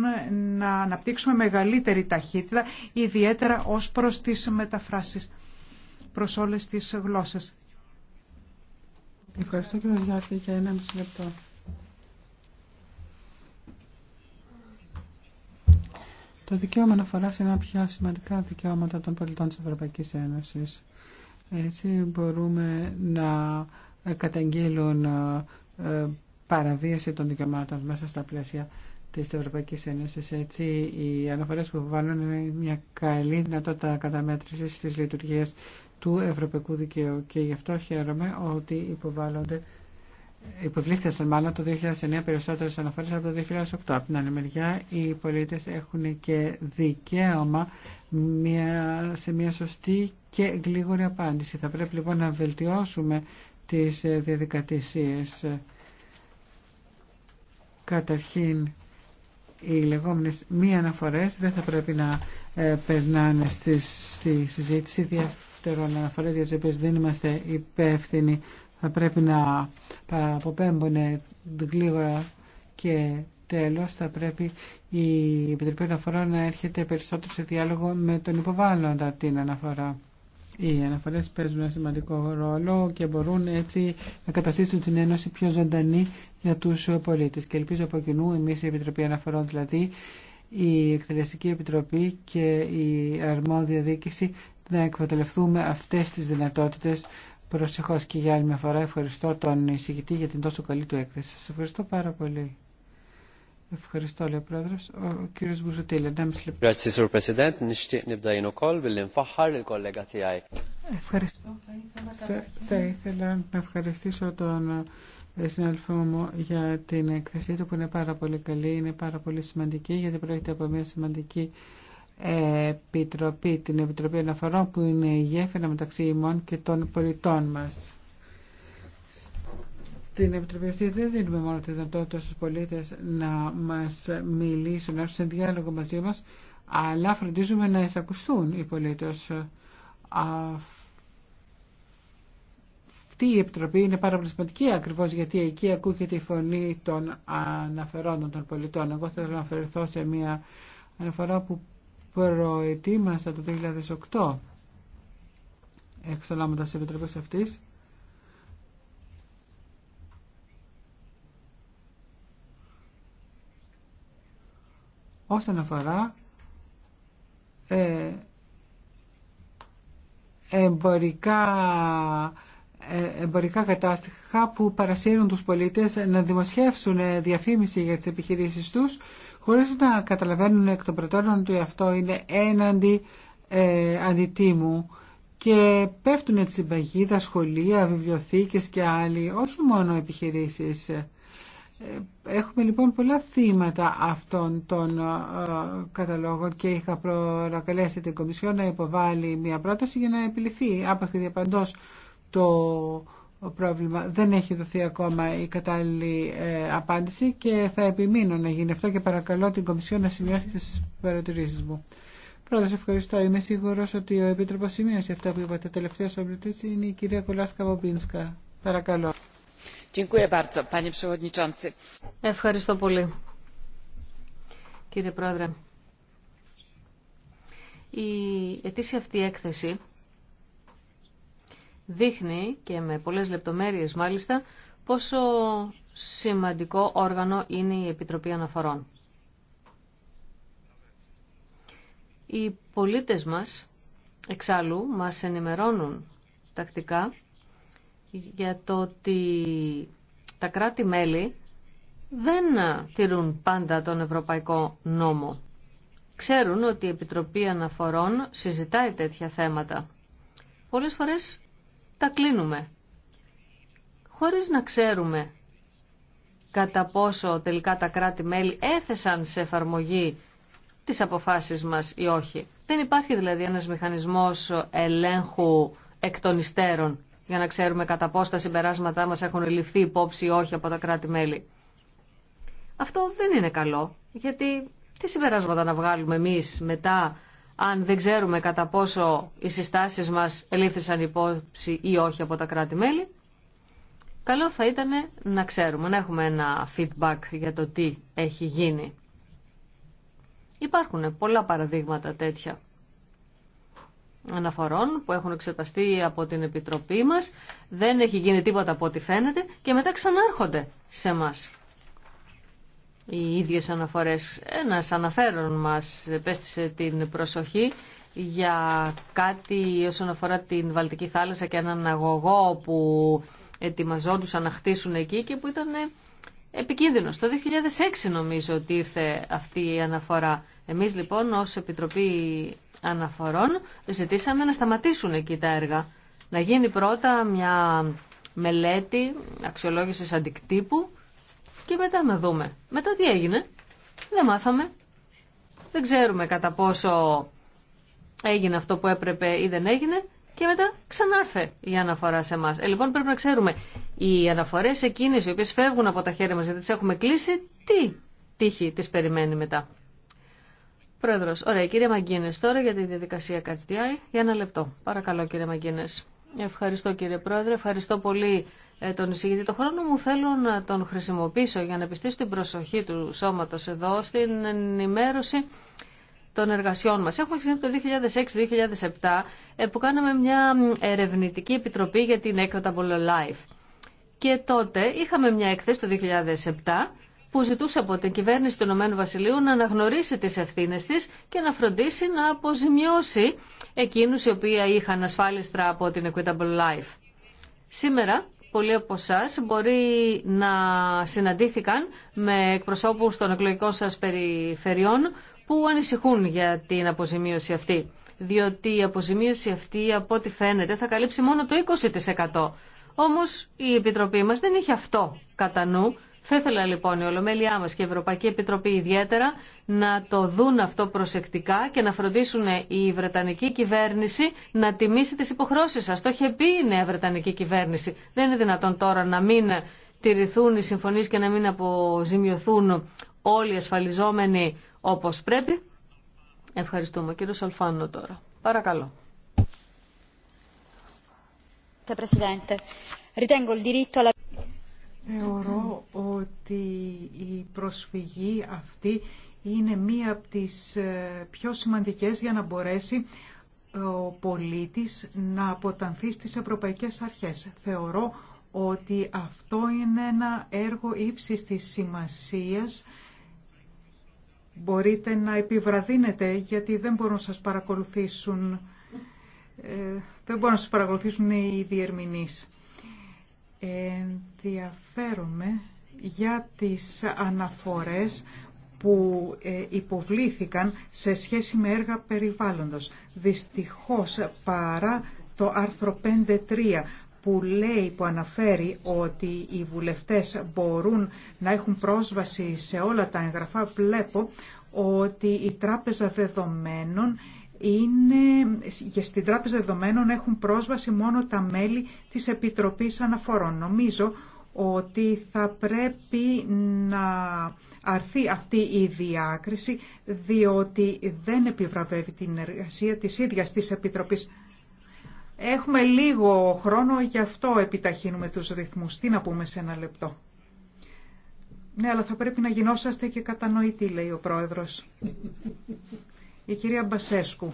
να αναπτύξουμε μεγαλύτερη ταχύτητα, ιδιαίτερα ως προς τις μεταφράσεις προς όλες τις γλώσσες. Ευχαριστώ κύριε για ένα μισή λεπτό. Το δικαίωμα αναφορά είναι ένα πιο σημαντικά δικαιώματα των πολιτών της Ευρωπαϊκής Ένωσης. Έτσι μπορούμε να ε, καταγγείλουν ε, ε, παραβίαση των δικαιωμάτων μέσα στα πλαίσια της Ευρωπαϊκής Ένωσης. Έτσι, οι αναφορές που βάλουν είναι μια καλή δυνατότητα καταμέτρησης της λειτουργίας του Ευρωπαϊκού Δικαίου και γι' αυτό χαίρομαι ότι υποβάλλονται Υποβλήθησαν μάλλον το 2009 περισσότερε αναφορέ από το 2008. Από την άλλη μεριά, οι πολίτε έχουν και δικαίωμα μια, σε μια σωστή και γλίγορη απάντηση. Θα πρέπει λοιπόν να βελτιώσουμε τι διαδικασίε. Καταρχήν, οι λεγόμενε μη αναφορέ δεν θα πρέπει να ε, περνάνε στη, στη συζήτηση φτερών αναφορές για τις οποίες δεν είμαστε υπεύθυνοι θα πρέπει να αποπέμπουν γλίγορα και τέλος θα πρέπει η Επιτροπή Αναφορών να έρχεται περισσότερο σε διάλογο με τον υποβάλλοντα την αναφορά. Οι αναφορές παίζουν ένα σημαντικό ρόλο και μπορούν έτσι να καταστήσουν την Ένωση πιο ζωντανή για τους πολίτες. Και ελπίζω από κοινού εμείς η Επιτροπή Αναφορών δηλαδή η Εκτελεστική Επιτροπή και η Αρμόδια Διοίκηση να εκμεταλλευτούμε αυτές τις δυνατότητες προσεχώς και για άλλη μια φορά ευχαριστώ τον εισηγητή για την τόσο καλή του έκθεση. Σας ευχαριστώ πάρα πολύ. Ευχαριστώ, λέει ο Πρόεδρος. Ο κύριος Μπουζουτήλ, Ευχαριστώ. Θα ήθελα να ευχαριστήσω τον ε, συνάδελφό μου για την έκθεσή του που είναι πάρα πολύ καλή, είναι πάρα πολύ σημαντική γιατί πρόκειται από μια σημαντική επιτροπή, την Επιτροπή Αναφορών που είναι η γέφυρα μεταξύ ημών και των πολιτών μας. Στην Επιτροπή αυτή δεν δίνουμε μόνο τη δυνατότητα στους πολίτες να μας μιλήσουν, να έρθουν σε διάλογο μαζί μας, αλλά φροντίζουμε να εισακουστούν οι πολίτες. Αυτή η Επιτροπή είναι πάρα πολύ σημαντική ακριβώς γιατί εκεί ακούγεται η φωνή των αναφερόντων των πολιτών. Εγώ θέλω να αφαιρεθώ σε μια αναφορά που προετοίμασα το 2008 εξ τα Επιτροπής αυτής όσον αφορά ε, εμπορικά, ε, εμπορικά κατάστοιχα που παρασύρουν τους πολίτες να δημοσιεύσουν ε, διαφήμιση για τις επιχειρήσεις τους χωρίς να καταλαβαίνουν εκ των προτέρων ότι αυτό είναι έναντι ε, αντιτίμου και πέφτουν έτσι στην παγίδα σχολεία, βιβλιοθήκες και άλλοι, όχι μόνο επιχειρήσεις. Ε, έχουμε λοιπόν πολλά θύματα αυτών των ε, καταλόγων και είχα προκαλέσει την Κομισιόν να υποβάλει μια πρόταση για να επιληθεί άπαθη διαπαντός το πρόβλημα. Δεν έχει δοθεί ακόμα η κατάλληλη ε, απάντηση και θα επιμείνω να γίνει αυτό και παρακαλώ την Κομισιό να σημειώσει τι παρατηρήσει μου. Πρώτα, ευχαριστώ. Είμαι σίγουρο ότι ο Επίτροπο σημείωσε αυτά που είπατε. Τελευταία ομιλητή είναι η κυρία Κολάσκα Κουλάσκα-Μομπίνσκα. Παρακαλώ. Ευχαριστώ πολύ. Κύριε Πρόεδρε, η ετήσια αυτή έκθεση δείχνει και με πολλές λεπτομέρειες μάλιστα πόσο σημαντικό όργανο είναι η Επιτροπή Αναφορών. Οι πολίτες μας, εξάλλου, μας ενημερώνουν τακτικά για το ότι τα κράτη-μέλη δεν τηρούν πάντα τον Ευρωπαϊκό Νόμο. Ξέρουν ότι η Επιτροπή Αναφορών συζητάει τέτοια θέματα. Πολλές φορές τα κλείνουμε. Χωρίς να ξέρουμε κατά πόσο τελικά τα κράτη-μέλη έθεσαν σε εφαρμογή τις αποφάσεις μας ή όχι. Δεν υπάρχει δηλαδή ένας μηχανισμός ελέγχου εκ των για να ξέρουμε κατά πόσο τα συμπεράσματά μας έχουν ληφθεί υπόψη ή όχι από τα κράτη-μέλη. Αυτό δεν είναι καλό, γιατί τι συμπεράσματα να βγάλουμε εμείς μετά αν δεν ξέρουμε κατά πόσο οι συστάσεις μας ελήφθησαν υπόψη ή όχι από τα κράτη-μέλη, καλό θα ήταν να ξέρουμε, να έχουμε ένα feedback για το τι έχει γίνει. Υπάρχουν πολλά παραδείγματα τέτοια αναφορών που έχουν εξεταστεί από την Επιτροπή μας, δεν έχει γίνει τίποτα από ό,τι φαίνεται και μετά ξανάρχονται σε μας οι ίδιες αναφορές. Ένας αναφέρον μας πέστησε την προσοχή για κάτι όσον αφορά την Βαλτική θάλασσα και έναν αγωγό που ετοιμαζόντουσαν να χτίσουν εκεί και που ήταν επικίνδυνος. Το 2006 νομίζω ότι ήρθε αυτή η αναφορά. Εμείς λοιπόν ως Επιτροπή Αναφορών ζητήσαμε να σταματήσουν εκεί τα έργα. Να γίνει πρώτα μια μελέτη αξιολόγησης αντικτύπου και μετά να δούμε. Μετά τι έγινε. Δεν μάθαμε. Δεν ξέρουμε κατά πόσο έγινε αυτό που έπρεπε ή δεν έγινε και μετά ξανάρθε η αναφορά σε εμά. Ε, λοιπόν, πρέπει να ξέρουμε οι αναφορέ εκείνε οι οποίε φεύγουν από τα χέρια μα γιατί τι έχουμε κλείσει, τι τύχη τι περιμένει μετά. Πρόεδρο, ωραία, κύριε Μαγκίνε, τώρα για τη διαδικασία Κατσδιάη, για ένα λεπτό. Παρακαλώ, κύριε Μαγκίνε. Ευχαριστώ, κύριε Πρόεδρε, ευχαριστώ πολύ ε, τον εισηγητή. Το χρόνο μου θέλω να τον χρησιμοποιήσω για να επιστήσω την προσοχή του σώματος εδώ στην ενημέρωση των εργασιών μας. Έχουμε ξεκινήσει το 2006-2007 ε, που κάναμε μια ερευνητική επιτροπή για την Equitable Life. Και τότε είχαμε μια έκθεση το 2007 που ζητούσε από την κυβέρνηση του Ηνωμένου Βασιλείου να αναγνωρίσει τις ευθύνες της και να φροντίσει να αποζημιώσει εκείνους οι οποίοι είχαν ασφάλιστρα από την Equitable Life. Σήμερα πολλοί από εσά μπορεί να συναντήθηκαν με εκπροσώπους των εκλογικών σας περιφερειών που ανησυχούν για την αποζημίωση αυτή. Διότι η αποζημίωση αυτή, από ό,τι φαίνεται, θα καλύψει μόνο το 20%. Όμως η Επιτροπή μας δεν είχε αυτό κατά νου θα ήθελα λοιπόν η Ολομέλειά μας και η Ευρωπαϊκή Επιτροπή ιδιαίτερα να το δουν αυτό προσεκτικά και να φροντίσουν η Βρετανική κυβέρνηση να τιμήσει τις υποχρώσεις σας. Το είχε πει η νέα Βρετανική κυβέρνηση. Δεν είναι δυνατόν τώρα να μην τηρηθούν οι συμφωνίες και να μην αποζημιωθούν όλοι οι ασφαλιζόμενοι όπως πρέπει. Ευχαριστούμε. Κύριο Αλφάνο τώρα. Παρακαλώ. Θεωρώ ότι η προσφυγή αυτή είναι μία από τις ε, πιο σημαντικές για να μπορέσει ε, ο πολίτης να αποτανθεί στις ευρωπαϊκές αρχές. Θεωρώ ότι αυτό είναι ένα έργο ύψης της σημασίας. Μπορείτε να επιβραδύνετε γιατί δεν μπορούν να σας παρακολουθήσουν, ε, δεν μπορούν να σας παρακολουθήσουν οι διερμηνείς ενδιαφέρομαι για τις αναφορές που ε, υποβλήθηκαν σε σχέση με έργα περιβάλλοντος. Δυστυχώς παρά το άρθρο 5.3 που λέει, που αναφέρει ότι οι βουλευτές μπορούν να έχουν πρόσβαση σε όλα τα εγγραφά, βλέπω ότι η Τράπεζα Δεδομένων είναι, στην Τράπεζα Δεδομένων έχουν πρόσβαση μόνο τα μέλη της Επιτροπής Αναφορών. Νομίζω ότι θα πρέπει να αρθεί αυτή η διάκριση, διότι δεν επιβραβεύει την εργασία της ίδιας της Επιτροπής. Έχουμε λίγο χρόνο, γι' αυτό επιταχύνουμε τους ρυθμούς. Τι να πούμε σε ένα λεπτό. Ναι, αλλά θα πρέπει να γινόσαστε και κατανοητοί, λέει ο πρόεδρος. Η κυρία Μπασέσκου.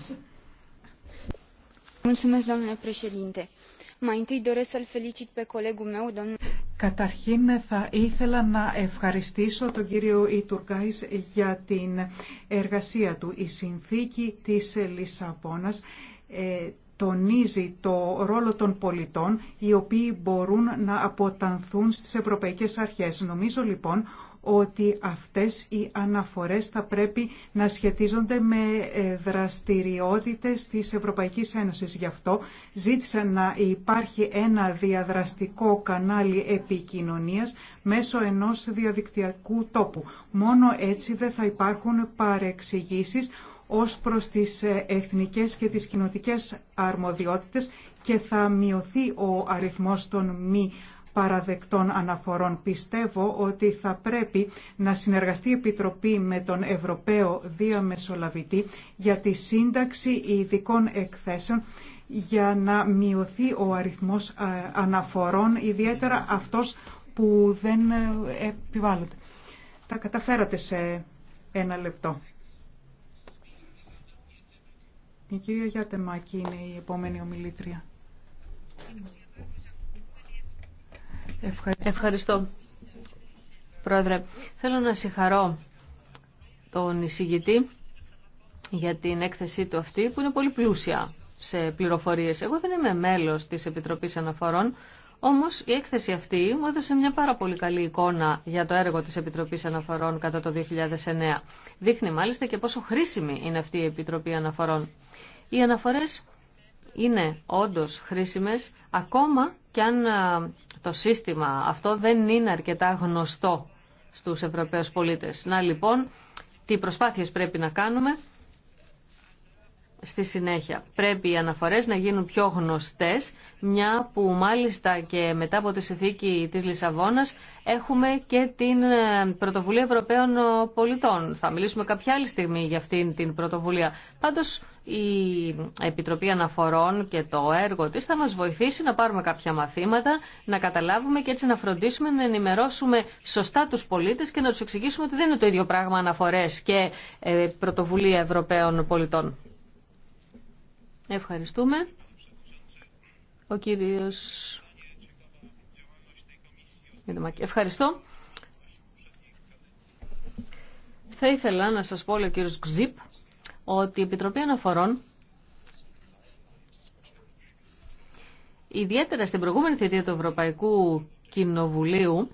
Καταρχήν θα ήθελα να ευχαριστήσω τον κύριο Ιτουρκάης για την εργασία του. Η συνθήκη της Λισαβόνας ε, τονίζει το ρόλο των πολιτών οι οποίοι μπορούν να αποτανθούν στις ευρωπαϊκές αρχές. Λοιπόν, ότι αυτές οι αναφορές θα πρέπει να σχετίζονται με ε, δραστηριότητες της Ευρωπαϊκής Ένωσης. Γι' αυτό ζήτησα να υπάρχει ένα διαδραστικό κανάλι επικοινωνίας μέσω ενός διαδικτυακού τόπου. Μόνο έτσι δεν θα υπάρχουν παρεξηγήσεις ως προς τις ε, εθνικές και τις κοινοτικές αρμοδιότητες και θα μειωθεί ο αριθμός των μη παραδεκτών αναφορών. Πιστεύω ότι θα πρέπει να συνεργαστεί η Επιτροπή με τον Ευρωπαίο Διαμεσολαβητή για τη σύνταξη ειδικών εκθέσεων για να μειωθεί ο αριθμός αναφορών, ιδιαίτερα αυτός που δεν ε, επιβάλλονται. Τα καταφέρατε σε ένα λεπτό. Η κυρία Γιάτεμάκη είναι η επόμενη ομιλήτρια. Ευχαριστώ. Ευχαριστώ. Πρόεδρε, θέλω να συγχαρώ τον εισηγητή για την έκθεσή του αυτή που είναι πολύ πλούσια σε πληροφορίες. Εγώ δεν είμαι μέλος της Επιτροπής Αναφορών, όμως η έκθεση αυτή μου έδωσε μια πάρα πολύ καλή εικόνα για το έργο της Επιτροπής Αναφορών κατά το 2009. Δείχνει μάλιστα και πόσο χρήσιμη είναι αυτή η Επιτροπή Αναφορών. Οι αναφορές είναι όντως χρήσιμες ακόμα και αν το σύστημα αυτό δεν είναι αρκετά γνωστό στους Ευρωπαίους πολίτες. Να λοιπόν, τι προσπάθειες πρέπει να κάνουμε στη συνέχεια. Πρέπει οι αναφορές να γίνουν πιο γνωστές, μια που μάλιστα και μετά από τη συνθήκη της Λισαβόνας έχουμε και την ε, πρωτοβουλία Ευρωπαίων πολιτών. Θα μιλήσουμε κάποια άλλη στιγμή για αυτήν την πρωτοβουλία. Πάντως η Επιτροπή Αναφορών και το έργο της θα μας βοηθήσει να πάρουμε κάποια μαθήματα, να καταλάβουμε και έτσι να φροντίσουμε να ενημερώσουμε σωστά τους πολίτες και να τους εξηγήσουμε ότι δεν είναι το ίδιο πράγμα αναφορές και ε, πρωτοβουλία Ευρωπαίων πολιτών. Ευχαριστούμε. Ο κύριος... Ευχαριστώ. Θα ήθελα να σας πω, λέει ο κύριος Ξύπ, ότι η Επιτροπή Αναφορών ιδιαίτερα στην προηγούμενη θητεία του Ευρωπαϊκού Κοινοβουλίου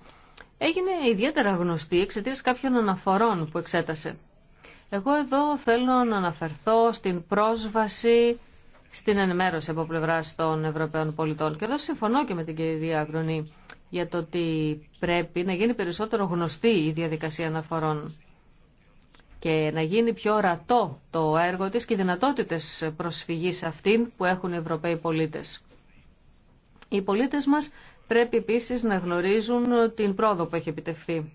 έγινε ιδιαίτερα γνωστή εξαιτία κάποιων αναφορών που εξέτασε. Εγώ εδώ θέλω να αναφερθώ στην πρόσβαση στην ενημέρωση από πλευρά των Ευρωπαίων πολιτών. Και εδώ συμφωνώ και με την κυρία Αγρονή για το ότι πρέπει να γίνει περισσότερο γνωστή η διαδικασία αναφορών και να γίνει πιο ορατό το έργο της και οι δυνατότητες προσφυγής αυτήν που έχουν οι Ευρωπαίοι πολίτες. Οι πολίτες μας πρέπει επίσης να γνωρίζουν την πρόοδο που έχει επιτευχθεί.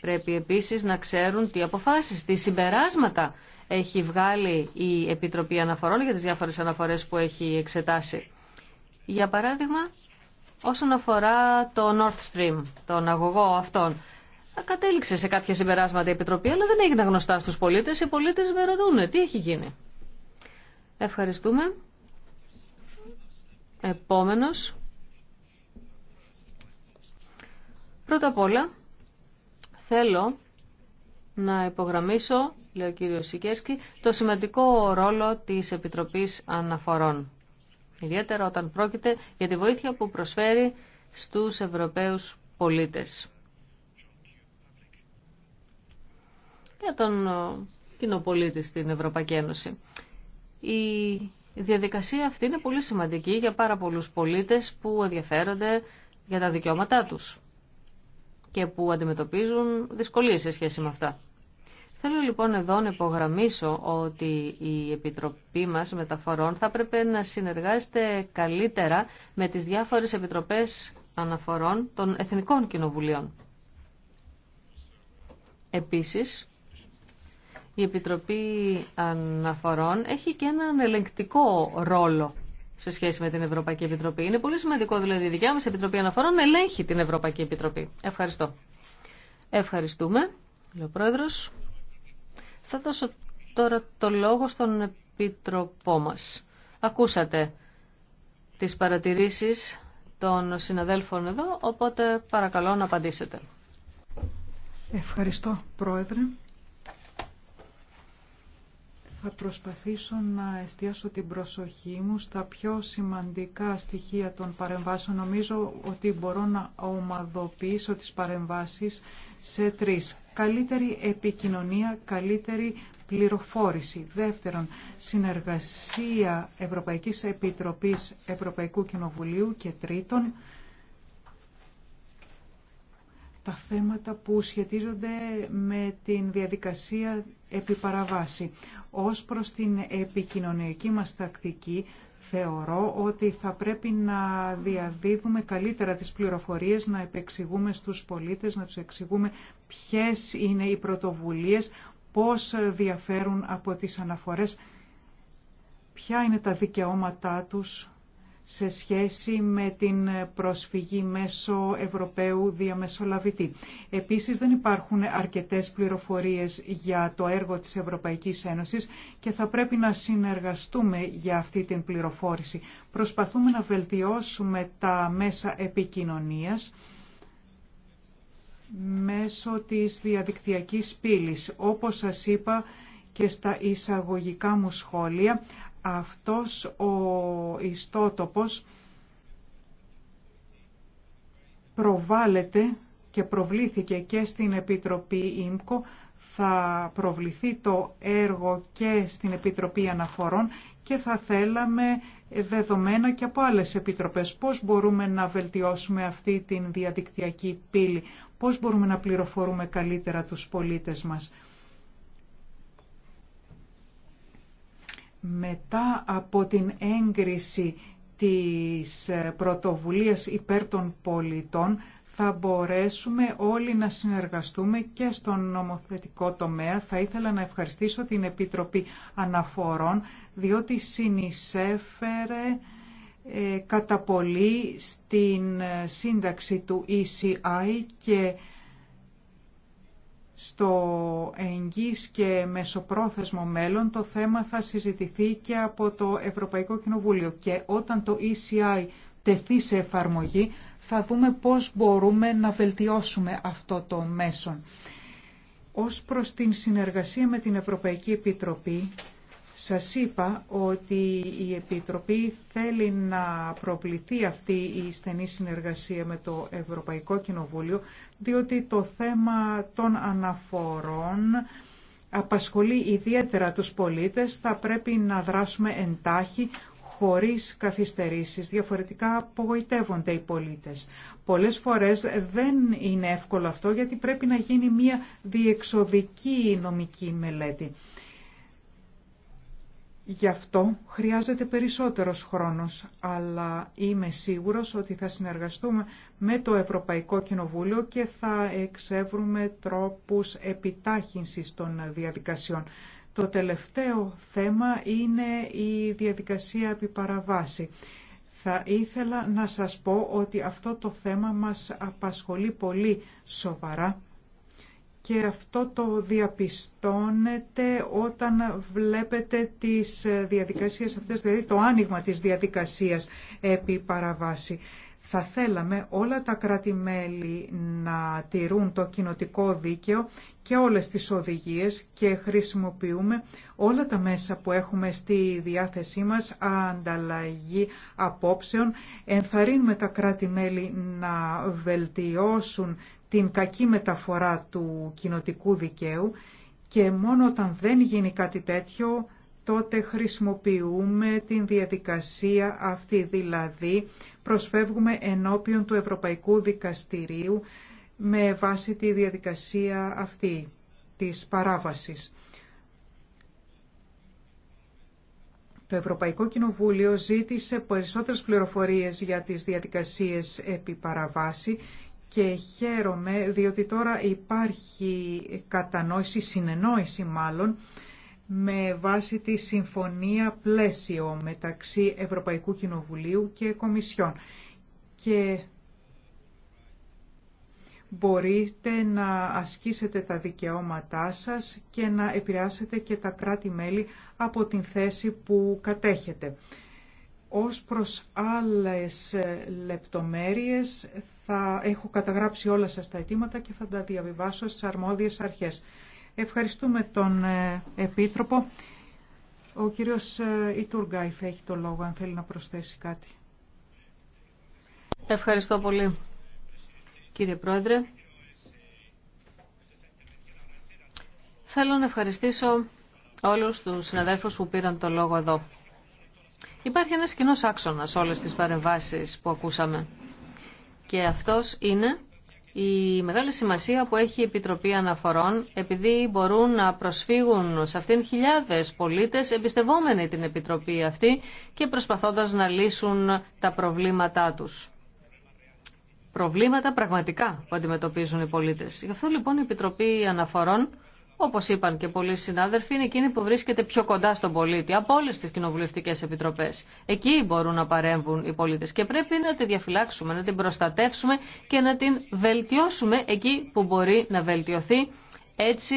Πρέπει επίσης να ξέρουν τι αποφάσεις, τι συμπεράσματα έχει βγάλει η Επιτροπή Αναφορών για τις διάφορες αναφορές που έχει εξετάσει. Για παράδειγμα, όσον αφορά το North Stream, τον αγωγό αυτόν, κατέληξε σε κάποια συμπεράσματα η Επιτροπή, αλλά δεν έγινε γνωστά στους πολίτες. Οι πολίτες με ρωτούν τι έχει γίνει. Ευχαριστούμε. Επόμενος. Πρώτα απ' όλα, θέλω να υπογραμμίσω λέει ο κύριος το σημαντικό ρόλο της Επιτροπής Αναφορών. Ιδιαίτερα όταν πρόκειται για τη βοήθεια που προσφέρει στους Ευρωπαίους πολίτες. Για τον ε, κοινοπολίτη στην Ευρωπαϊκή Ένωση. Η διαδικασία αυτή είναι πολύ σημαντική για πάρα πολλούς πολίτες που ενδιαφέρονται για τα δικαιώματά τους και που αντιμετωπίζουν δυσκολίες σε σχέση με αυτά. Θέλω λοιπόν εδώ να υπογραμμίσω ότι η Επιτροπή μας Μεταφορών θα πρέπει να συνεργάζεται καλύτερα με τις διάφορες Επιτροπές Αναφορών των Εθνικών Κοινοβουλίων. Επίσης, η Επιτροπή Αναφορών έχει και έναν ελεγκτικό ρόλο σε σχέση με την Ευρωπαϊκή Επιτροπή. Είναι πολύ σημαντικό δηλαδή η δικιά μας Επιτροπή Αναφορών ελέγχει την Ευρωπαϊκή Επιτροπή. Ευχαριστώ. Ευχαριστούμε, Λέω θα δώσω τώρα το λόγο στον Επίτροπό μας. Ακούσατε τις παρατηρήσεις των συναδέλφων εδώ, οπότε παρακαλώ να απαντήσετε. Ευχαριστώ, Πρόεδρε. Θα προσπαθήσω να εστιάσω την προσοχή μου στα πιο σημαντικά στοιχεία των παρεμβάσεων. Νομίζω ότι μπορώ να ομαδοποιήσω τις παρεμβάσεις σε τρεις καλύτερη επικοινωνία, καλύτερη πληροφόρηση. Δεύτερον, συνεργασία Ευρωπαϊκής Επιτροπής Ευρωπαϊκού Κοινοβουλίου και τρίτον, τα θέματα που σχετίζονται με την διαδικασία επιπαραβάση. Ως προς την επικοινωνιακή μας τακτική θεωρώ ότι θα πρέπει να διαδίδουμε καλύτερα τις πληροφορίες, να επεξηγούμε στους πολίτες, να τους εξηγούμε ποιες είναι οι πρωτοβουλίες, πώς διαφέρουν από τις αναφορές, ποια είναι τα δικαιώματά τους σε σχέση με την προσφυγή μέσω Ευρωπαίου διαμεσολαβητή. Επίσης δεν υπάρχουν αρκετές πληροφορίες για το έργο της Ευρωπαϊκής Ένωσης και θα πρέπει να συνεργαστούμε για αυτή την πληροφόρηση. Προσπαθούμε να βελτιώσουμε τα μέσα επικοινωνίας μέσω της διαδικτυακής πύλης. Όπως σας είπα και στα εισαγωγικά μου σχόλια, αυτός ο ιστότοπος προβάλλεται και προβλήθηκε και στην Επιτροπή ΙΜΚΟ, θα προβληθεί το έργο και στην Επιτροπή Αναφορών και θα θέλαμε δεδομένα και από άλλες επιτροπές. Πώς μπορούμε να βελτιώσουμε αυτή την διαδικτυακή πύλη, πώς μπορούμε να πληροφορούμε καλύτερα τους πολίτες μας. μετά από την έγκριση της πρωτοβουλίας υπέρ των πολιτών θα μπορέσουμε όλοι να συνεργαστούμε και στον νομοθετικό τομέα. Θα ήθελα να ευχαριστήσω την Επιτροπή Αναφορών, διότι συνεισέφερε ε, κατά πολύ στην ε, σύνταξη του ECI και στο εγγύς και μεσοπρόθεσμο μέλλον το θέμα θα συζητηθεί και από το Ευρωπαϊκό Κοινοβούλιο και όταν το ECI τεθεί σε εφαρμογή θα δούμε πώς μπορούμε να βελτιώσουμε αυτό το μέσον. Ως προς την συνεργασία με την Ευρωπαϊκή Επιτροπή σας είπα ότι η Επιτροπή θέλει να προβληθεί αυτή η στενή συνεργασία με το Ευρωπαϊκό Κοινοβούλιο, διότι το θέμα των αναφορών απασχολεί ιδιαίτερα τους πολίτες. Θα πρέπει να δράσουμε εντάχει, χωρίς καθυστερήσεις. Διαφορετικά απογοητεύονται οι πολίτες. Πολλές φορές δεν είναι εύκολο αυτό γιατί πρέπει να γίνει μια διεξοδική νομική μελέτη. Γι' αυτό χρειάζεται περισσότερος χρόνος, αλλά είμαι σίγουρος ότι θα συνεργαστούμε με το Ευρωπαϊκό Κοινοβούλιο και θα εξεύρουμε τρόπους επιτάχυνσης των διαδικασιών. Το τελευταίο θέμα είναι η διαδικασία επιπαραβάση. Θα ήθελα να σας πω ότι αυτό το θέμα μας απασχολεί πολύ σοβαρά και αυτό το διαπιστώνετε όταν βλέπετε τις διαδικασίες αυτές, δηλαδή το άνοιγμα της διαδικασίας επί παραβάση. Θα θέλαμε όλα τα κράτη-μέλη να τηρούν το κοινοτικό δίκαιο και όλες τις οδηγίες και χρησιμοποιούμε όλα τα μέσα που έχουμε στη διάθεσή μας, ανταλλαγή απόψεων, ενθαρρύνουμε τα κράτη-μέλη να βελτιώσουν την κακή μεταφορά του κοινοτικού δικαίου και μόνο όταν δεν γίνει κάτι τέτοιο τότε χρησιμοποιούμε την διαδικασία αυτή, δηλαδή προσφεύγουμε ενώπιον του Ευρωπαϊκού Δικαστηρίου με βάση τη διαδικασία αυτή της παράβασης. Το Ευρωπαϊκό Κοινοβούλιο ζήτησε περισσότερες πληροφορίες για τις διαδικασίες επί παραβάση και χαίρομαι διότι τώρα υπάρχει κατανόηση, συνεννόηση μάλλον, με βάση τη συμφωνία πλαίσιο μεταξύ Ευρωπαϊκού Κοινοβουλίου και Κομισιόν. Και μπορείτε να ασκήσετε τα δικαιώματά σας και να επηρεάσετε και τα κράτη-μέλη από την θέση που κατέχετε. Ως προς άλλες λεπτομέρειες θα έχω καταγράψει όλα σας τα αιτήματα και θα τα διαβιβάσω στις αρμόδιες αρχές. Ευχαριστούμε τον ε, Επίτροπο. Ο κύριος ε, Ιτουργκάιφ έχει το λόγο αν θέλει να προσθέσει κάτι. Ευχαριστώ πολύ κύριε Πρόεδρε. Θέλω να ευχαριστήσω όλους τους συναδέλφους που πήραν το λόγο εδώ. Υπάρχει ένας κοινός άξονας όλες τις παρεμβάσεις που ακούσαμε και αυτός είναι η μεγάλη σημασία που έχει η Επιτροπή Αναφορών επειδή μπορούν να προσφύγουν σε αυτήν χιλιάδες πολίτες εμπιστευόμενοι την Επιτροπή αυτή και προσπαθώντας να λύσουν τα προβλήματά τους. Προβλήματα πραγματικά που αντιμετωπίζουν οι πολίτες. Γι' αυτό λοιπόν η Επιτροπή Αναφορών όπως είπαν και πολλοί συνάδελφοι, είναι εκείνη που βρίσκεται πιο κοντά στον πολίτη από όλε τις κοινοβουλευτικέ επιτροπές. Εκεί μπορούν να παρέμβουν οι πολίτες και πρέπει να τη διαφυλάξουμε, να την προστατεύσουμε και να την βελτιώσουμε εκεί που μπορεί να βελτιωθεί έτσι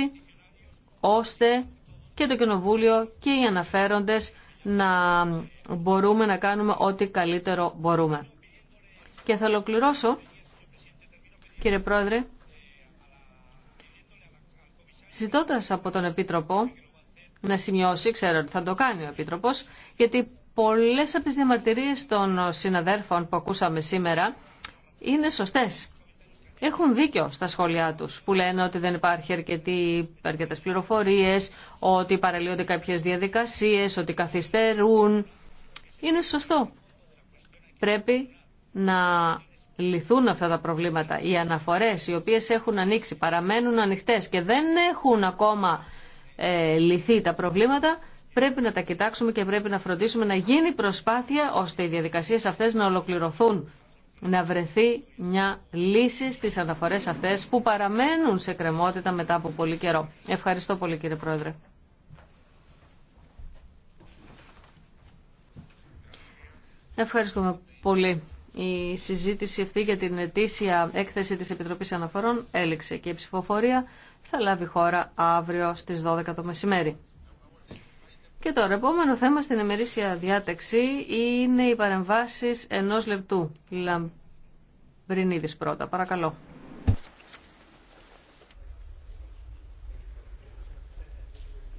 ώστε και το Κοινοβούλιο και οι αναφέροντες να μπορούμε να κάνουμε ό,τι καλύτερο μπορούμε. Και θα ολοκληρώσω, κύριε Πρόεδρε, ζητώντα από τον Επίτροπο να σημειώσει, ξέρω ότι θα το κάνει ο Επίτροπος, γιατί πολλές από τις διαμαρτυρίες των συναδέρφων που ακούσαμε σήμερα είναι σωστές. Έχουν δίκιο στα σχόλιά τους που λένε ότι δεν υπάρχει αρκετέ πληροφορίε, ότι παραλύονται κάποιες διαδικασίες, ότι καθυστερούν. Είναι σωστό. Πρέπει να λυθούν αυτά τα προβλήματα. Οι αναφορές οι οποίες έχουν ανοίξει παραμένουν ανοιχτές και δεν έχουν ακόμα ε, λυθεί τα προβλήματα, πρέπει να τα κοιτάξουμε και πρέπει να φροντίσουμε να γίνει προσπάθεια ώστε οι διαδικασίες αυτές να ολοκληρωθούν, να βρεθεί μια λύση στις αναφορές αυτές που παραμένουν σε κρεμότητα μετά από πολύ καιρό. Ευχαριστώ πολύ κύριε Πρόεδρε. Ευχαριστούμε πολύ. Η συζήτηση αυτή για την ετήσια έκθεση της Επιτροπής Αναφορών έληξε και η ψηφοφορία θα λάβει χώρα αύριο στις 12 το μεσημέρι. Και τώρα, επόμενο θέμα στην ημερήσια διάταξη είναι οι παρεμβάσεις ενός λεπτού. Λαμπρινίδης πρώτα, παρακαλώ.